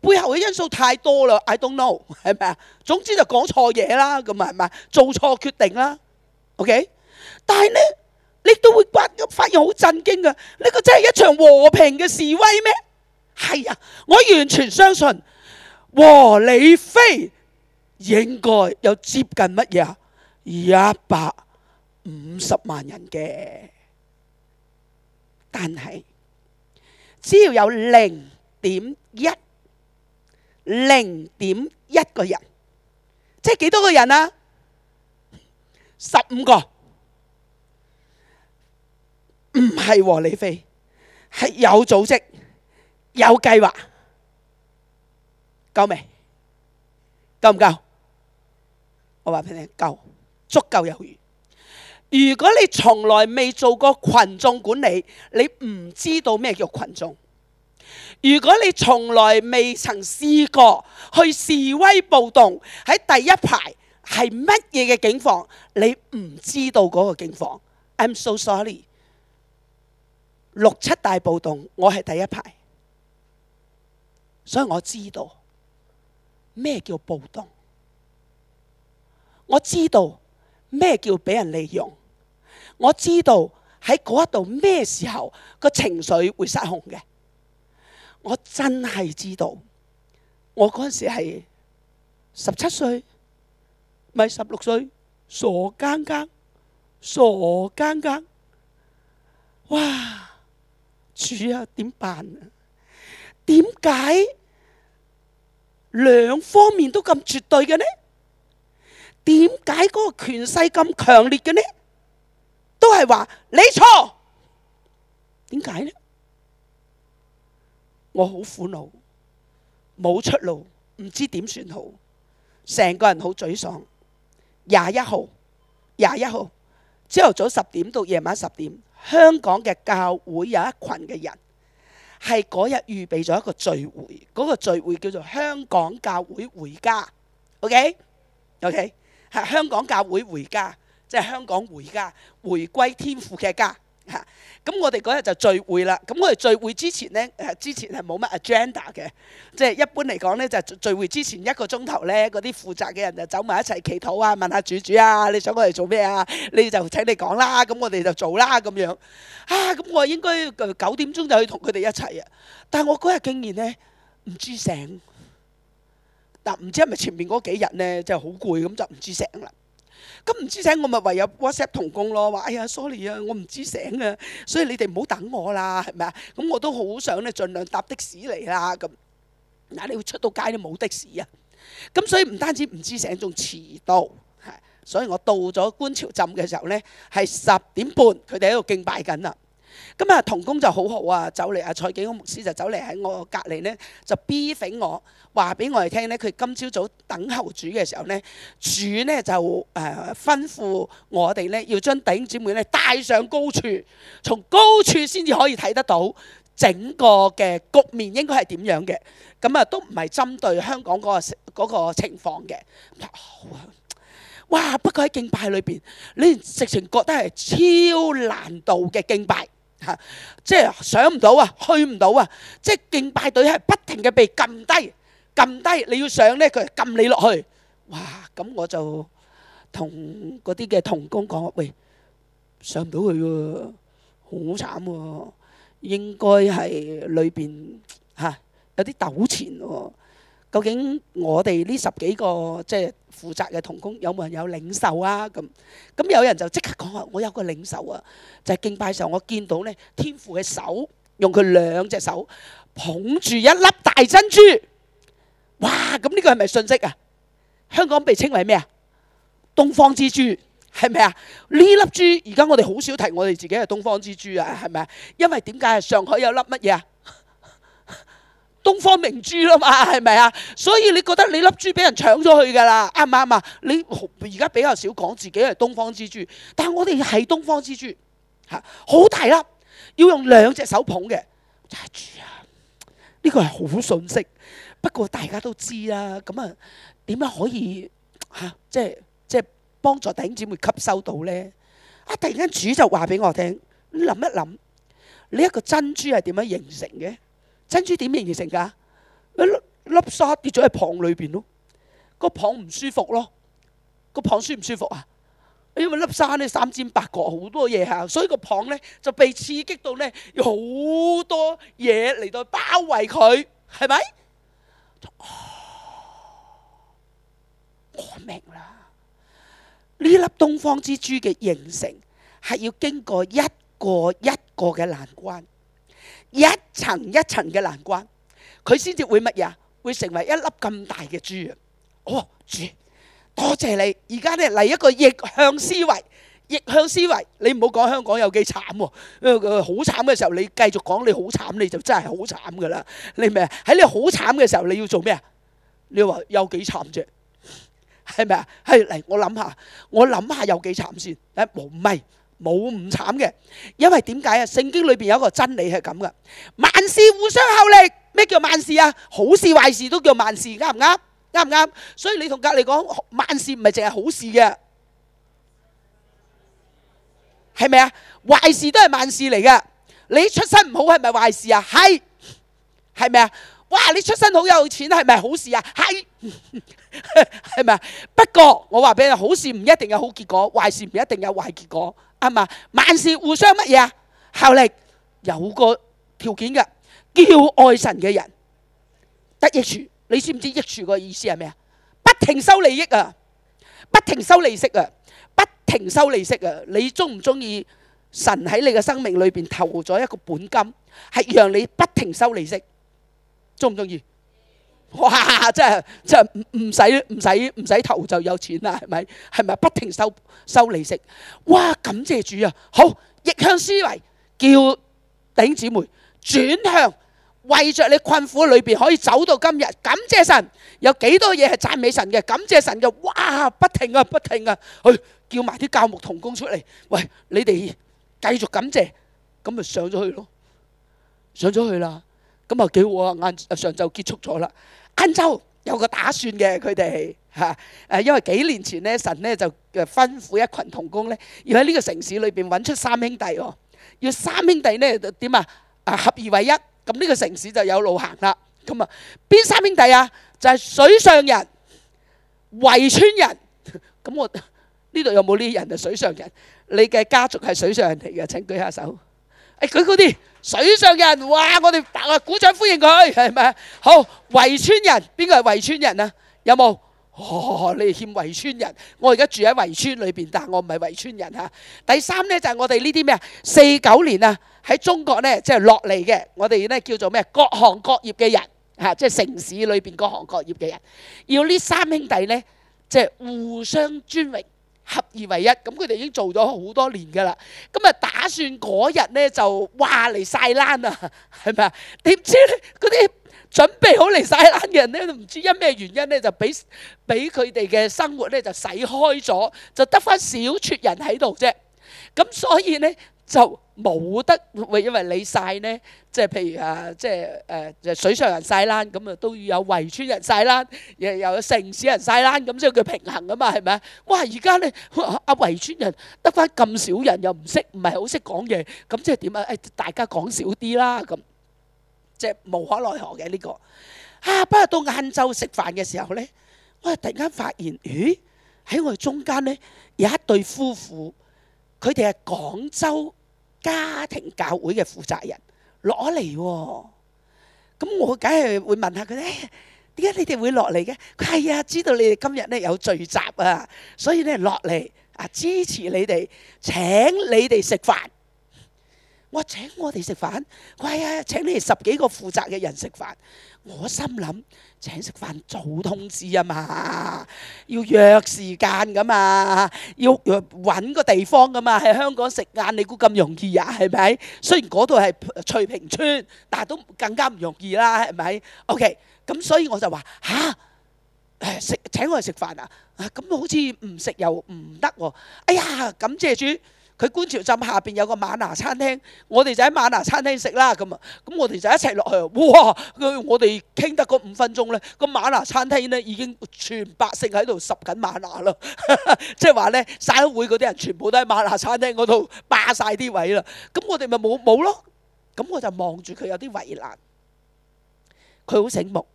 背後嘅因素太多啦，I don't know，係咪啊？總之就講錯嘢啦，咁係咪？做錯決定啦，OK？但係呢，你都會發發現好震驚嘅，呢個真係一場和平嘅示威咩？係啊，我完全相信和理非應該有接近乜嘢啊？一百五十萬人嘅，但係只要有零點一。零點一個人，即係幾多個人啊？十五個，唔係和理非，係有組織、有計劃，夠未？夠唔夠？我話俾你，夠，足夠有餘。如果你從來未做過群眾管理，你唔知道咩叫群眾。如果你從來未曾試過去示威暴動，喺第一排係乜嘢嘅景況，你唔知道嗰個景況。I'm so sorry。六七大暴動，我係第一排，所以我知道咩叫暴動，我知道咩叫俾人利用，我知道喺嗰度咩時候個情緒會失控嘅。我真係知道，我嗰陣時係十七歲，咪十六歲，傻更更，傻更更，哇！主啊，點辦啊？點解兩方面都咁絕對嘅呢？點解嗰個權勢咁強烈嘅呢？都係話你錯，點解呢？我好苦惱，冇出路，唔知點算好，成個人好沮喪。廿一號，廿一號，朝頭早十點到夜晚十點，香港嘅教會有一群嘅人，係嗰日預備咗一個聚會，嗰、那個聚會叫做香港教會回家，OK，OK，、okay? okay? 係香港教會回家，即、就、係、是、香港回家，回歸天父嘅家。嚇！咁我哋嗰日就聚會啦。咁我哋聚會之前咧，誒之前係冇乜 agenda 嘅，即係一般嚟講咧，就聚會之前一個鐘頭咧，嗰啲負責嘅人就走埋一齊祈禱啊，問下主主啊，你想我哋做咩啊？你就請你講啦，咁我哋就做啦咁樣。啊！咁我應該九點鐘就去同佢哋一齊啊。但係我嗰日竟然咧唔知醒，嗱，唔知係咪前面嗰幾日咧就好攰咁就唔知醒啦。咁唔知醒，我咪唯有 WhatsApp 同工咯，話哎呀，sorry 啊，我唔知醒啊，所以你哋唔好等我啦，係咪啊？咁我都好想咧，儘量搭的士嚟啦，咁嗱，你會出到街都冇的士啊！咁所以唔單止唔知醒，仲遲到，係，所以我到咗觀潮站嘅時候咧，係十點半，佢哋喺度敬拜緊啊。咁啊，同工就好好啊，走嚟啊，蔡景公牧師就走嚟喺我隔離咧，就逼我話俾我哋聽咧。佢今朝早等候主嘅時候咧，主咧就誒吩咐我哋咧，要將弟兄姊妹咧帶上高處，從高處先至可以睇得到整個嘅局面應該係點樣嘅。咁啊，都唔係針對香港嗰個嗰個情況嘅。哇！不過喺敬拜裏邊，你直情覺得係超難度嘅敬拜。嚇！即係上唔到啊，去唔到啊！即係敬拜隊係不停嘅被撳低撳低，你要上呢，佢撳你落去。哇！咁我就同嗰啲嘅同工講，喂，上唔到去喎，好慘喎，應該係裏邊有啲糾纏喎。究竟我哋呢十幾個即係負責嘅同工有冇人有領受啊？咁咁有人就即刻講話，我有個領受啊！就係、是、敬拜嘅時候，我見到呢天父嘅手用佢兩隻手捧住一粒大珍珠。哇！咁呢個係咪信息啊？香港被稱為咩啊？東方之珠係咪啊？呢粒珠而家我哋好少提我哋自己係東方之珠啊？係咪啊？因為點解上海有粒乜嘢啊？東方明珠啦嘛，係咪啊？所以你覺得你粒珠俾人搶咗去噶啦，啱唔啱啊？你而家比較少講自己係東方之珠，但係我哋係東方之珠，吓，好大粒，要用兩隻手捧嘅。啊。呢個係好信息，不過大家都知啦。咁啊，點樣可以吓即係即係幫助弟兄姊妹吸收到呢？啊！突然間主就話俾我聽，諗一諗，你一個珍珠係點樣形成嘅？珍珠點咩形成噶？粒粒沙跌咗喺蚌裏邊咯，個蚌唔舒服咯，個蚌舒唔舒服啊？因為粒沙呢三尖八角好多嘢啊，所以個蚌呢就被刺激到呢，有好多嘢嚟到包圍佢，係咪？哦，我明啦，呢粒東方之珠嘅形成係要經過一個一個嘅難關。一層一層嘅難關，佢先至會乜嘢？會成為一粒咁大嘅珠？哦，主，多謝你！而家咧嚟一個逆向思維，逆向思維，你唔好講香港有幾慘喎，好慘嘅時候，你繼續講你好慘，你就真係好慘噶啦！你明唔明啊？喺你好慘嘅時候，你要做咩啊？你話有幾慘啫？係咪啊？係嚟，我諗下，我諗下有幾慘先？誒，唔係。冇咁慘嘅，因為點解啊？聖經裏邊有一個真理係咁嘅，萬事互相效力。咩叫萬事啊？好事壞事都叫萬事，啱唔啱？啱唔啱？所以你同隔籬講萬事唔係淨係好事嘅，係咪啊？壞事都係萬事嚟嘅。你出身唔好係咪壞事啊？係係咪啊？哇！你出身好有錢係咪好事啊？係係咪啊？不過我話俾你，好事唔一定有好結果，壞事唔一定有壞結果。係嘛？萬事互相乜嘢啊？效力，有個條件嘅，叫愛神嘅人得益處。你知唔知益處個意思係咩啊？不停收利益啊，不停收利息啊，不停收利息啊！你中唔中意神喺你嘅生命裏邊投咗一個本金，係讓你不停收利息？中唔中意？哇！真係真係唔使唔使唔使投就有錢啦，係咪？係咪不停收收利息？哇！感謝主啊！好逆向思維，叫頂姊妹轉向，為着你困苦裏邊可以走到今日，感謝神有幾多嘢係讚美神嘅，感謝神嘅。哇！不停啊，不停啊，不停啊去叫埋啲教牧同工出嚟，喂，你哋繼續感謝，咁咪上咗去咯，上咗去啦。咁啊，幾好啊！晏上晝結束咗啦。晏晝有個打算嘅，佢哋吓，誒，因為幾年前咧，神咧就吩咐一群童工咧，要喺呢個城市裏邊揾出三兄弟哦。要三兄弟咧，點啊？啊，合二為一，咁呢個城市就有路行啦。咁啊，邊三兄弟啊？就係水上人、圍村人。咁我呢度有冇呢啲人啊？水上人，你嘅家族係水上人嚟嘅，請舉下手。誒，佢嗰啲水上人，哇！我哋白啊鼓掌歡迎佢，係咪啊？好，圍村人，邊個係圍村人啊？有冇？哦，你係欠圍村人。我而家住喺圍村裏邊，但係我唔係圍村人嚇。第三咧就係我哋呢啲咩啊？四九年啊，喺中國咧即係落嚟嘅，我哋咧叫做咩？各行各業嘅人嚇，即係城市裏邊各行各業嘅人，要呢三兄弟咧即係互相尊榮。合二為一，咁佢哋已經做咗好多年噶啦，咁啊打算嗰日呢就話嚟晒冷啊，係咪啊？點知呢，嗰啲準備好嚟晒冷嘅人呢，都唔知因咩原因呢，就俾俾佢哋嘅生活呢就洗開咗，就得翻少撮人喺度啫，咁所以呢，就。冇得喂，因為你曬咧，即係譬如啊，即係誒，水上人曬欄咁啊，都要有圍村人曬欄，又又有城市人曬欄，咁先叫平衡啊嘛，係咪啊？哇！而家咧，阿圍村人得翻咁少人，又唔識，唔係好識講嘢，咁即係點啊？誒，大家講少啲啦，咁即係無可奈何嘅呢個。啊，不過到晏晝食飯嘅時候咧，我突然間發現，咦，喺我哋中間咧有一對夫婦，佢哋係廣州。家庭教會嘅負責人攞嚟喎，咁我梗係會問下佢咧，點解你哋會落嚟嘅？佢係啊，知道你哋今日咧有聚集啊，所以咧落嚟啊支持你哋，請你哋食飯。我請我哋食飯？係啊，請你哋十幾個負責嘅人食飯。我心諗。請食飯，早通知啊嘛，要約時間㗎嘛，要約揾個地方㗎嘛，喺香港食晏你估咁容易呀？係咪？雖然嗰度係翠屏村，但係都更加唔容易啦，係咪？OK，咁所以我就話吓，食請我哋食飯啊，咁好似唔食又唔得喎。哎呀，感謝主。佢觀潮站下邊有個瑪拿餐廳，我哋就喺瑪拿餐廳食啦。咁啊，咁我哋就一齊落去。哇！佢我哋傾得嗰五分鐘咧，個瑪拿餐廳咧已經全百姓喺度拾緊瑪拿咯，即係話咧省會嗰啲人全部都喺瑪拿餐廳嗰度霸晒啲位啦。咁我哋咪冇冇咯？咁我就望住佢有啲為難，佢好醒目。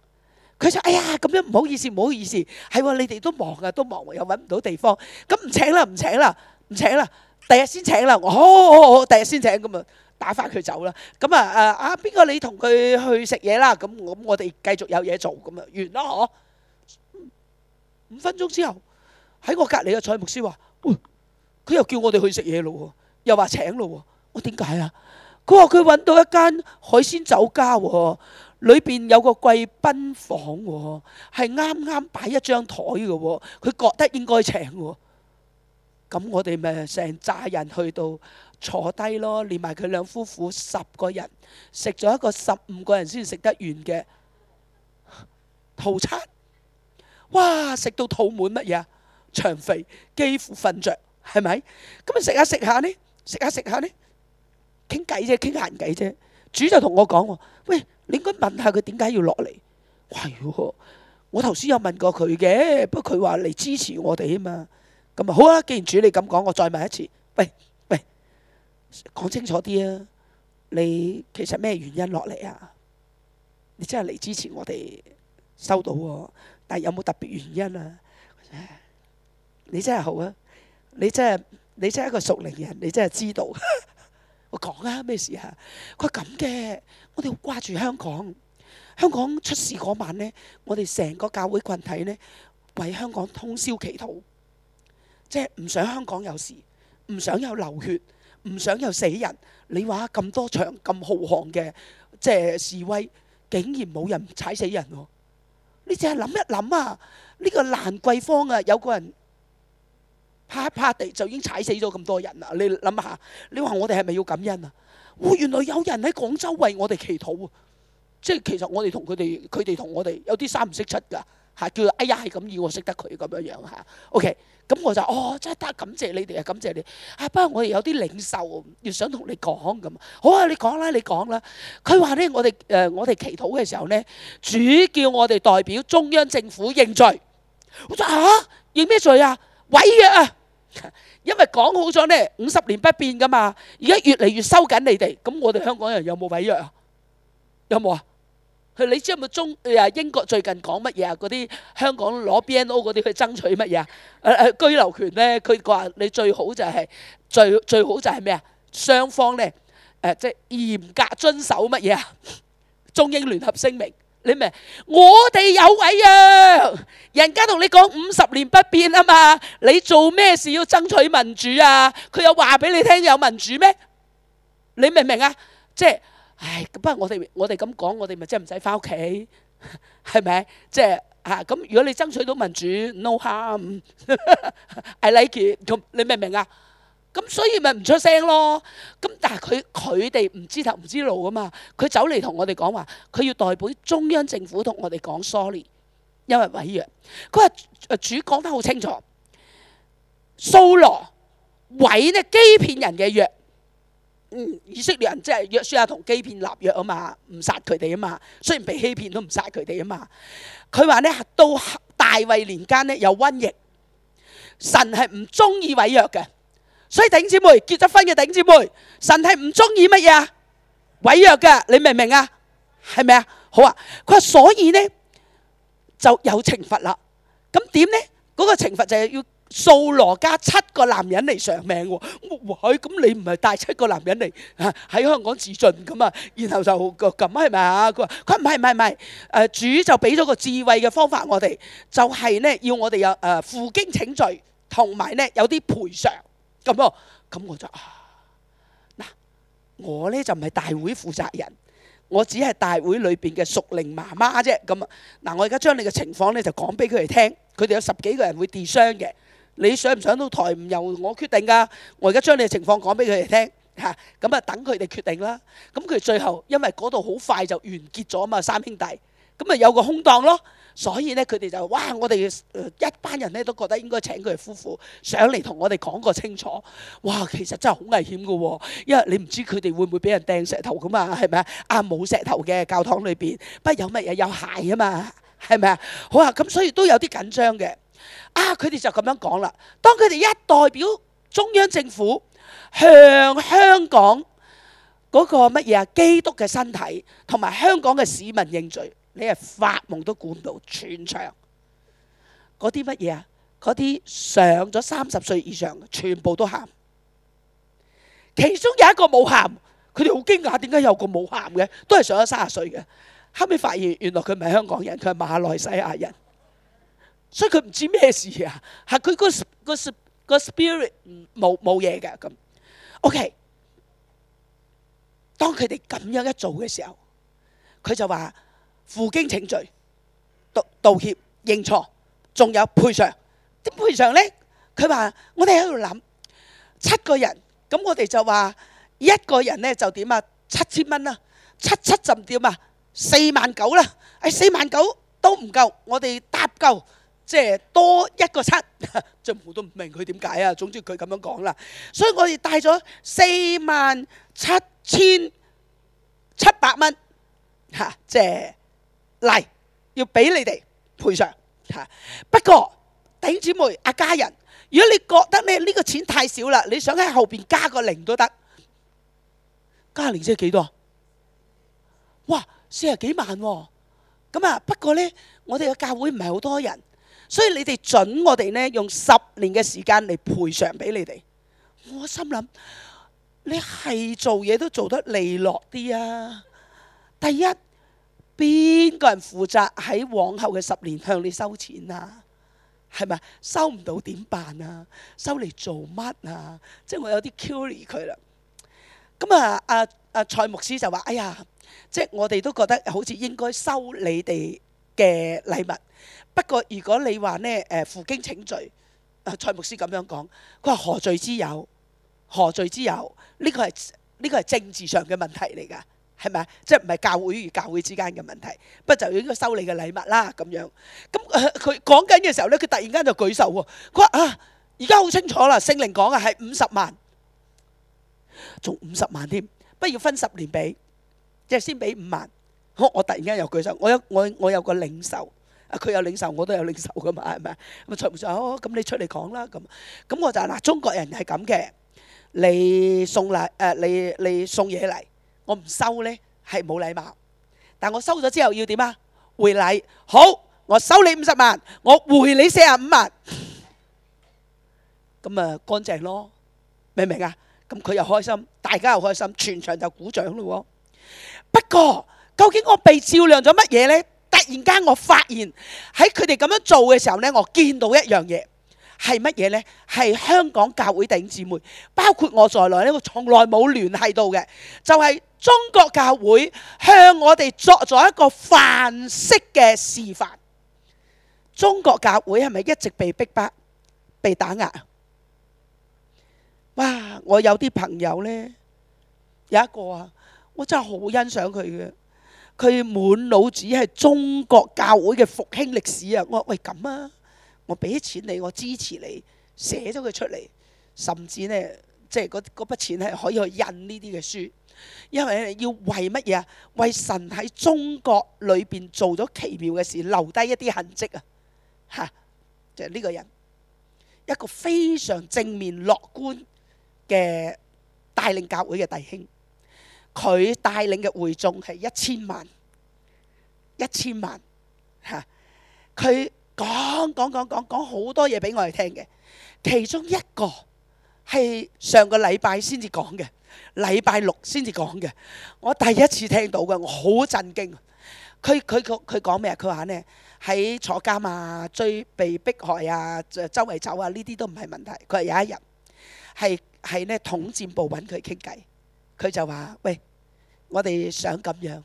佢就哎呀，咁樣唔好意思，唔好意思，係你哋都忙啊，都忙又搵唔到地方，咁唔請啦，唔請啦，唔請啦。第日先請啦，我好好好，第日先請咁、嗯、啊，打返佢走啦。咁啊啊啊，邊個，你同佢去食嘢啦？咁、嗯、咁我哋繼續有嘢做咁啊、嗯，完啦嗬。我五分鐘之後喺我隔離嘅蔡牧師話：佢、哎、又叫我哋去食嘢咯，又話請咯。我點解啊？佢話佢揾到一間海鮮酒家，裏邊有個貴賓房，係啱啱擺一張枱嘅。佢覺得應該請。咁我哋咪成扎人去到坐低咯，連埋佢兩夫婦十個人食咗一個十五個人先食得完嘅套餐，哇！食到肚滿乜嘢啊？腸肥幾乎瞓著，係咪？咁啊食下食下咧，食下食下咧，傾偈啫，傾閒偈啫。主就同我講喎：「喂，你應該問下佢點解要落嚟。係喎，我頭先有問過佢嘅，不過佢話嚟支持我哋啊嘛。咁啊好啊！既然主你咁講，我再問一次，喂喂，講清楚啲啊！你其實咩原因落嚟啊？你真係嚟之前我哋收到喎，但係有冇特別原因啊？你真係好啊！你真係你真係一個熟靈人，你真係知道。 [laughs] 我講啊，咩事啊？佢咁嘅，我哋好掛住香港。香港出事嗰晚呢，我哋成個教會群體呢，為香港通宵祈禱。即係唔想香港有事，唔想有流血，唔想有死人。你話咁多場咁浩瀚嘅即係示威，竟然冇人踩死人喎？你淨係諗一諗啊！呢、呢個蘭桂坊啊，有個人趴一趴地就已經踩死咗咁多人啦！你諗下，你話我哋係咪要感恩啊？我、哦、原來有人喺廣州為我哋祈禱啊！即係其實我哋同佢哋，佢哋同我哋有啲三唔識七㗎。嚇！叫哎呀，係咁要我識得佢咁樣樣嚇。OK，咁我就哦，真係得感謝你哋啊，感謝你。啊，不過我哋有啲領袖，要想同你講咁。好啊，你講啦，你講啦。佢話咧，我哋誒，我哋祈禱嘅時候咧，主叫我哋代表中央政府認罪。我話嚇，認咩罪啊？違約啊！因為講好咗咧，五十年不變噶嘛。而家越嚟越收緊你哋，咁我哋香港人有冇違約啊？有冇啊？佢，你知有冇中，誒英國最近講乜嘢啊？嗰啲香港攞 BNO 嗰啲去爭取乜嘢啊？誒誒，居留權咧，佢話你最好就係最最好就係咩啊？雙方咧，誒即係嚴格遵守乜嘢啊？中英聯合聲明，你明？我哋有位啊！人家同你講五十年不變啊嘛，你做咩事要爭取民主啊？佢有話俾你聽有民主咩？你明唔明啊？即係。唉，不過我哋我哋咁講，我哋咪即係唔使翻屋企，係咪？即係嚇咁。如果你爭取到民主，no harm，係 [laughs] like it，你明唔明啊？咁所以咪唔出聲咯。咁但係佢佢哋唔知頭唔知路㗎嘛。佢走嚟同我哋講話，佢要代表中央政府同我哋講 sorry，因為毀約。佢話主、呃、講得好清楚，掃羅毀咧欺騙人嘅約。以色列人即係約書亞同基遍立約啊嘛，唔殺佢哋啊嘛，雖然被欺騙都唔殺佢哋啊嘛。佢話咧到大衛年間咧有瘟疫，神係唔中意毀約嘅，所以弟兄姐妹結咗婚嘅弟兄姐妹，神係唔中意乜嘢毀約嘅，你明唔明啊？係咪啊？好啊。佢話所以咧就有懲罰啦。咁點咧？嗰個懲罰就係要。掃羅家七個男人嚟償命喎、啊。佢咁，你唔係帶七個男人嚟喺香港自盡咁啊，然後就咁，係咪啊？佢話佢，唔係唔係唔係誒，主就俾咗個智慧嘅方法我，我哋就係呢，要我哋有誒負荊請罪，同埋呢有啲賠償咁。咁我就啊嗱，我呢就唔係大會負責人，我只係大會裏邊嘅屬靈媽媽啫。咁啊嗱，我而家將你嘅情況呢就講俾佢哋聽，佢哋有十幾個人會跌傷嘅。你想唔想到台唔由我決定噶？我而家將你嘅情況講俾佢哋聽吓，咁啊等佢哋決定啦。咁佢最後因為嗰度好快就完結咗嘛，三兄弟咁咪有個空檔咯，所以咧佢哋就哇，我哋一班人咧都覺得應該請佢哋夫婦上嚟同我哋講個清楚。哇，其實真係好危險噶，因為你唔知佢哋會唔會俾人掟石頭噶嘛，係咪啊？啊，冇石頭嘅教堂裏邊，不過有乜嘢有鞋啊嘛，係咪啊？好啊，咁所以都有啲緊張嘅。啊！佢哋就咁樣講啦。當佢哋一代表中央政府向香港嗰個乜嘢，啊，基督嘅身體同埋香港嘅市民認罪，你係發夢都估唔到，全場嗰啲乜嘢啊，嗰啲上咗三十歲以上全部都喊。其中有一個冇喊，佢哋好驚訝，點解有個冇喊嘅？都係上咗三十歲嘅。後尾發現原來佢唔係香港人，佢係馬來西亞人。所以佢唔知咩事啊，係佢嗰個個 spirit 冇冇嘢嘅咁。OK，當佢哋咁樣一做嘅時候，佢就話負荊請罪、道道歉、認錯，仲有賠償。點賠償呢？佢話我哋喺度諗七個人，咁我哋就話一個人呢就點啊？七千蚊啦，七七就點啊，四萬九啦，係四萬九都唔夠，我哋搭夠。即係多一個七，即係我都唔明佢點解啊。總之佢咁樣講啦，所以我哋帶咗四萬七千七百蚊嚇，即係嚟要俾你哋賠償嚇。不過頂姊妹阿家人，如果你覺得咧呢個錢太少啦，你想喺後邊加個零都得，加零即係幾多？哇，四十幾萬喎！咁啊，不過咧，我哋嘅教會唔係好多人。所以你哋准我哋呢，用十年嘅時間嚟賠償俾你哋，我心諗你係做嘢都做得利落啲啊！第一，邊個人負責喺往後嘅十年向你收錢啊？係咪收唔到點辦啊？收嚟做乜啊？即係我有啲 query 佢啦。咁啊，阿、啊、阿蔡牧師就話：哎呀，即係我哋都覺得好似應該收你哋。嘅禮物，不過如果你話咧誒，負荊請罪，蔡牧師咁樣講，佢話何罪之有？何罪之有？呢個係呢個係政治上嘅問題嚟㗎，係咪啊？即係唔係教會與教會之間嘅問題？不過就應該收你嘅禮物啦咁樣。咁佢講緊嘅時候咧，佢突然間就舉手喎，佢話啊，而家好清楚啦，聖靈講嘅係五十萬，仲五十萬添，不如分十年俾，即係先俾五萬。好，我突然間又舉手，我有我我有個領受啊！佢有領受，我都有領受噶嘛，係咪咁出唔出？好咁，你出嚟講啦。咁咁我就係嗱，中國人係咁嘅，你送禮誒，你你送嘢嚟，我唔收咧係冇禮貌，但我收咗之後要點啊？回禮好，我收你五十萬，我回你四十五萬，咁啊乾淨咯，明唔明啊？咁佢又開心，大家又開心，全場就鼓掌咯。不過。究竟我被照亮咗乜嘢呢？突然間我發現喺佢哋咁樣做嘅時候呢，我見到一樣嘢係乜嘢呢？係香港教會弟兄姊妹，包括我在內呢，我從來冇聯繫到嘅，就係中國教會向我哋作咗一個範式嘅示範。中國教會係咪一直被逼迫、被打壓啊？哇！我有啲朋友呢，有一個啊，我真係好欣賞佢嘅。佢滿腦子係中國教會嘅復興歷史啊！我話喂，咁啊，我俾啲錢你，我支持你寫咗佢出嚟，甚至呢，即係嗰嗰筆錢係可以去印呢啲嘅書，因為要為乜嘢啊？為神喺中國裏邊做咗奇妙嘅事，留低一啲痕跡啊！嚇，就係呢個人一個非常正面樂觀嘅帶領教會嘅弟兄。佢帶領嘅會眾係一千萬，一千萬嚇。佢、啊、講講講講講好多嘢俾我哋聽嘅，其中一個係上個禮拜先至講嘅，禮拜六先至講嘅。我第一次聽到嘅，我好震驚。佢佢佢佢講咩啊？佢話呢，喺坐監啊，追被逼害啊，周圍走啊，呢啲都唔係問題。佢係有一日，係係呢統戰部揾佢傾偈。佢就話：喂，我哋想咁樣，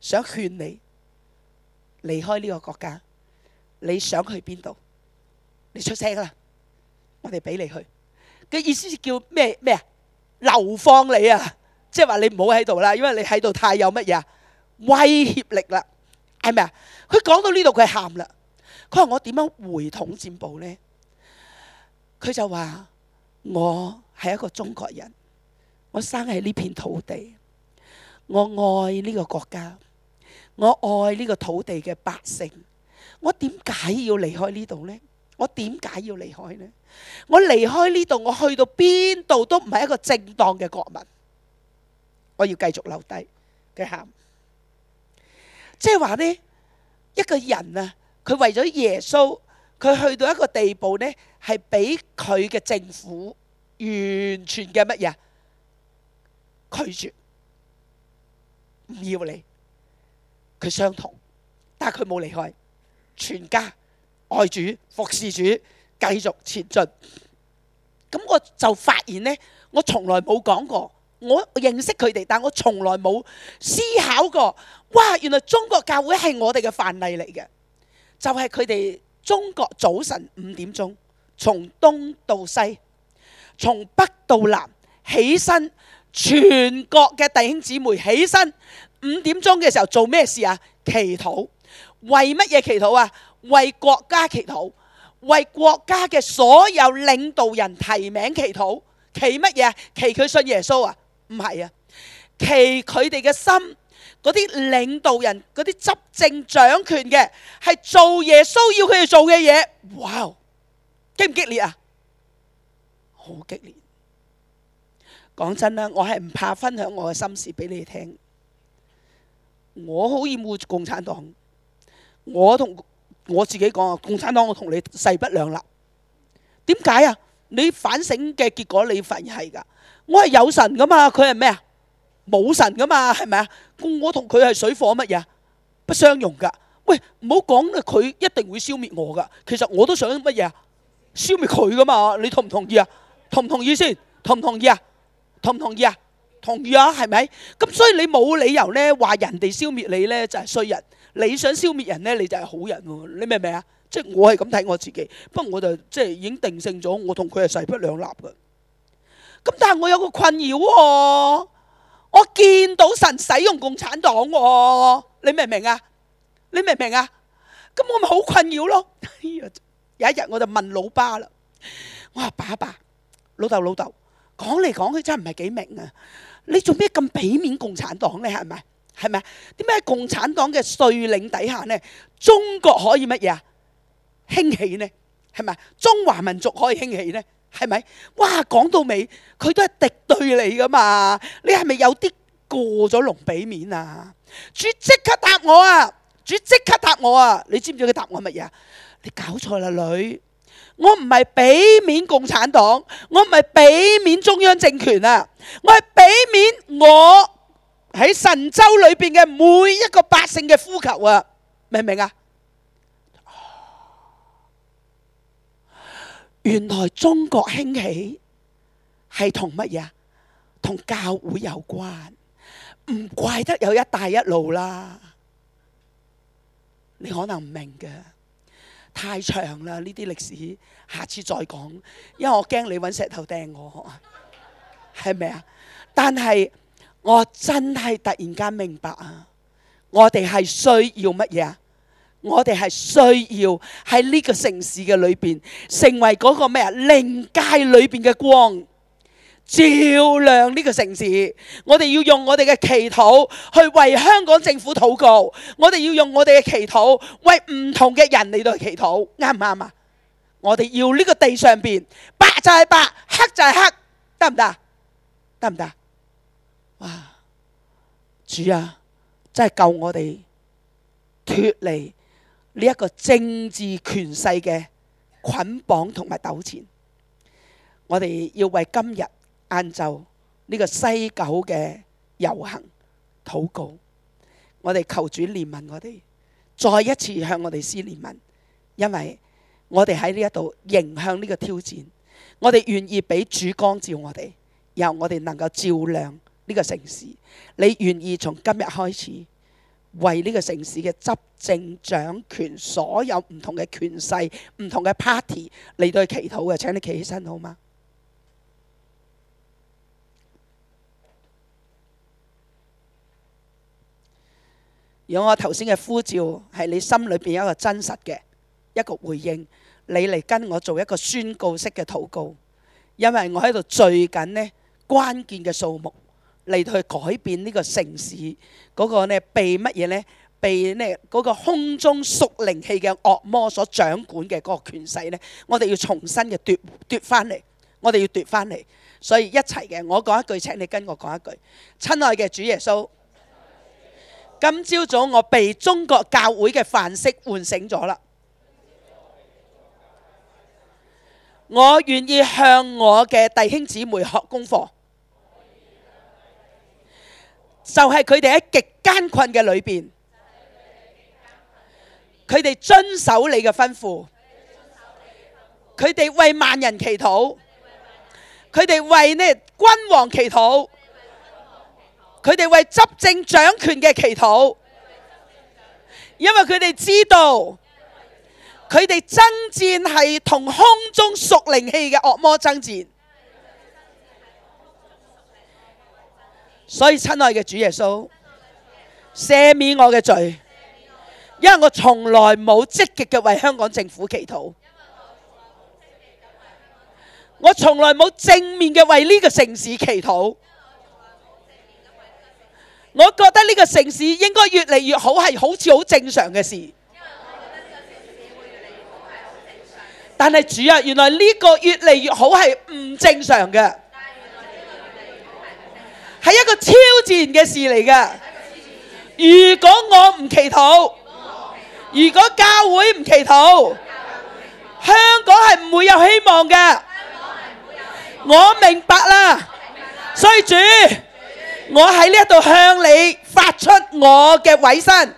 想勸你離開呢個國家。你想去邊度？你出聲啦，我哋俾你去。嘅意思叫咩咩啊？流放你啊！即係話你唔好喺度啦，因為你喺度太有乜嘢威脅力啦，係咪啊？佢講到呢度，佢喊啦。佢話我點樣回統戰部呢？佢就話我係一個中國人。我生喺呢片土地，我愛呢個國家，我愛呢個土地嘅百姓，我點解要離開呢度呢？我點解要離開呢？我離開呢度，我去到邊度都唔係一個正當嘅國民，我要繼續留低。佢喊，即係話呢，一個人啊，佢為咗耶穌，佢去到一個地步呢，係俾佢嘅政府完全嘅乜嘢？拒絕唔要你，佢相同，但係佢冇離開，全家愛主服侍主，繼續前進。咁我就發現呢，我從來冇講過，我認識佢哋，但我從來冇思考過。哇！原來中國教會係我哋嘅範例嚟嘅，就係佢哋中國早晨五點鐘，從東到西，從北到南起身。全國嘅弟兄姊妹起身，五點鐘嘅時候做咩事啊？祈禱，為乜嘢祈禱啊？為國家祈禱，為國家嘅所有領導人提名祈禱。祈乜嘢啊？祈佢信耶穌啊？唔係啊，祈佢哋嘅心，嗰啲領導人，嗰啲執政掌權嘅，係做耶穌要佢哋做嘅嘢。哇，激唔激烈啊？好激烈！講真啦，我係唔怕分享我嘅心事俾你聽。我好厭惡共產黨，我同我自己講啊，共產黨我同你勢不兩立。點解啊？你反省嘅結果，你發現係㗎。我係有神噶嘛，佢係咩啊？冇神噶嘛，係咪啊？我同佢係水火乜嘢？不相容㗎。喂，唔好講佢一定會消滅我㗎。其實我都想乜嘢啊？消滅佢噶嘛？你同唔同意啊？同唔同意先？同唔同意啊？同同唔同意啊？同意啊，係咪？咁所以你冇理由咧，話人哋消滅你咧就係衰人，你想消滅人咧你就係好人喎，你明唔明啊？即係我係咁睇我自己，不過我就即係已經定性咗，我同佢係勢不兩立噶。咁但係我有個困擾喎，我見到神使用共產黨，你明唔明啊？你明唔明啊？咁我咪好困擾咯。有一日我就問老爸啦，我話爸爸，老豆老豆。講嚟講去真係唔係幾明啊！你做咩咁俾面共產黨呢？係咪？係咪？點解共產黨嘅率領底下呢？中國可以乜嘢啊？興起呢？係咪？中華民族可以興起呢？係咪？哇！講到尾佢都係敵對你噶嘛？你係咪有啲過咗龍俾面啊？主即刻答我啊！主即刻答我啊！你知唔知佢答我乜嘢啊？你搞錯啦，女！我唔係俾面共產黨，我唔係俾面中央政權啊！我係俾面我喺神州裏邊嘅每一個百姓嘅呼求啊！明唔明啊？原來中國興起係同乜嘢？同教會有關，唔怪得有一帶一路啦！你可能唔明嘅。太長啦！呢啲歷史，下次再講。因為我驚你揾石頭掟我，係咪啊？但係我真係突然間明白啊！我哋係需要乜嘢啊？我哋係需要喺呢個城市嘅裏邊，成為嗰個咩啊？靈界裏邊嘅光。照亮呢個城市，我哋要用我哋嘅祈禱去為香港政府禱告，我哋要用我哋嘅祈禱為唔同嘅人嚟到祈禱，啱唔啱啊？我哋要呢個地上邊白就係白，黑就係黑，得唔得？得唔得？哇！主啊，真係救我哋脱離呢一個政治權勢嘅捆綁同埋糾纏，我哋要為今日。晏晝呢個西九嘅遊行禱告，我哋求主憐憫我哋，再一次向我哋施憐憫，因為我哋喺呢一度迎向呢個挑戰，我哋願意俾主光照我哋，由我哋能夠照亮呢個城市。你願意從今日開始為呢個城市嘅執政掌權所有唔同嘅權勢、唔同嘅 party 嚟到祈禱嘅，請你企起身好嗎？如果我頭先嘅呼召係你心裏面一個真實嘅一個回應，你嚟跟我做一個宣告式嘅禱告，因為我喺度最緊呢關鍵嘅數目嚟去改變呢個城市，嗰個呢被乜嘢呢被呢嗰個空中屬靈氣嘅惡魔所掌管嘅嗰個權勢呢，我哋要重新嘅奪奪翻嚟，我哋要奪翻嚟，所以一齊嘅，我講一句，請你跟我講一句，親愛嘅主耶穌。今朝早我被中國教會嘅範式喚醒咗啦，我願意向我嘅弟兄姊妹學功課，就係佢哋喺極艱困嘅裏邊，佢哋遵守你嘅吩咐，佢哋為萬人祈禱，佢哋為呢君王祈禱。佢哋為執政掌權嘅祈禱，因為佢哋知道佢哋爭戰係同空中屬靈氣嘅惡魔爭戰。所以，親愛嘅主耶穌，赦免我嘅罪，因為我從來冇積極嘅為香港政府祈禱，我從來冇正面嘅為呢個城市祈禱。我覺得呢個城市應該越嚟越好係好似好正常嘅事。但係主啊，原來呢個越嚟越好係唔正常嘅，係一個超自然嘅事嚟嘅。如果我唔祈禱，如果教會唔祈禱，香港係唔會有希望嘅。我明白啦，所以主。我喺呢一度向你發出我嘅委身，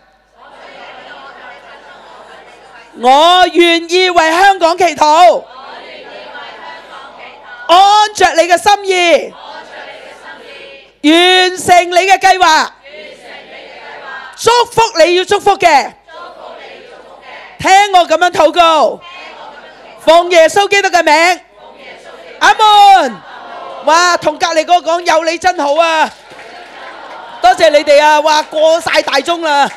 我願意為香港祈禱，我願意為香港祈禱，按着你嘅心意，按着你嘅心意，完成你嘅計劃，完成你嘅計劃，祝福你要祝福嘅，祝福你要祝福嘅，聽我咁樣禱告，聽我咁樣禱告，奉耶穌基督嘅名，奉耶穌基督嘅名，阿門。哇，同隔籬嗰個講有你真好啊！多謝你哋啊！哇，過曬大鐘啦！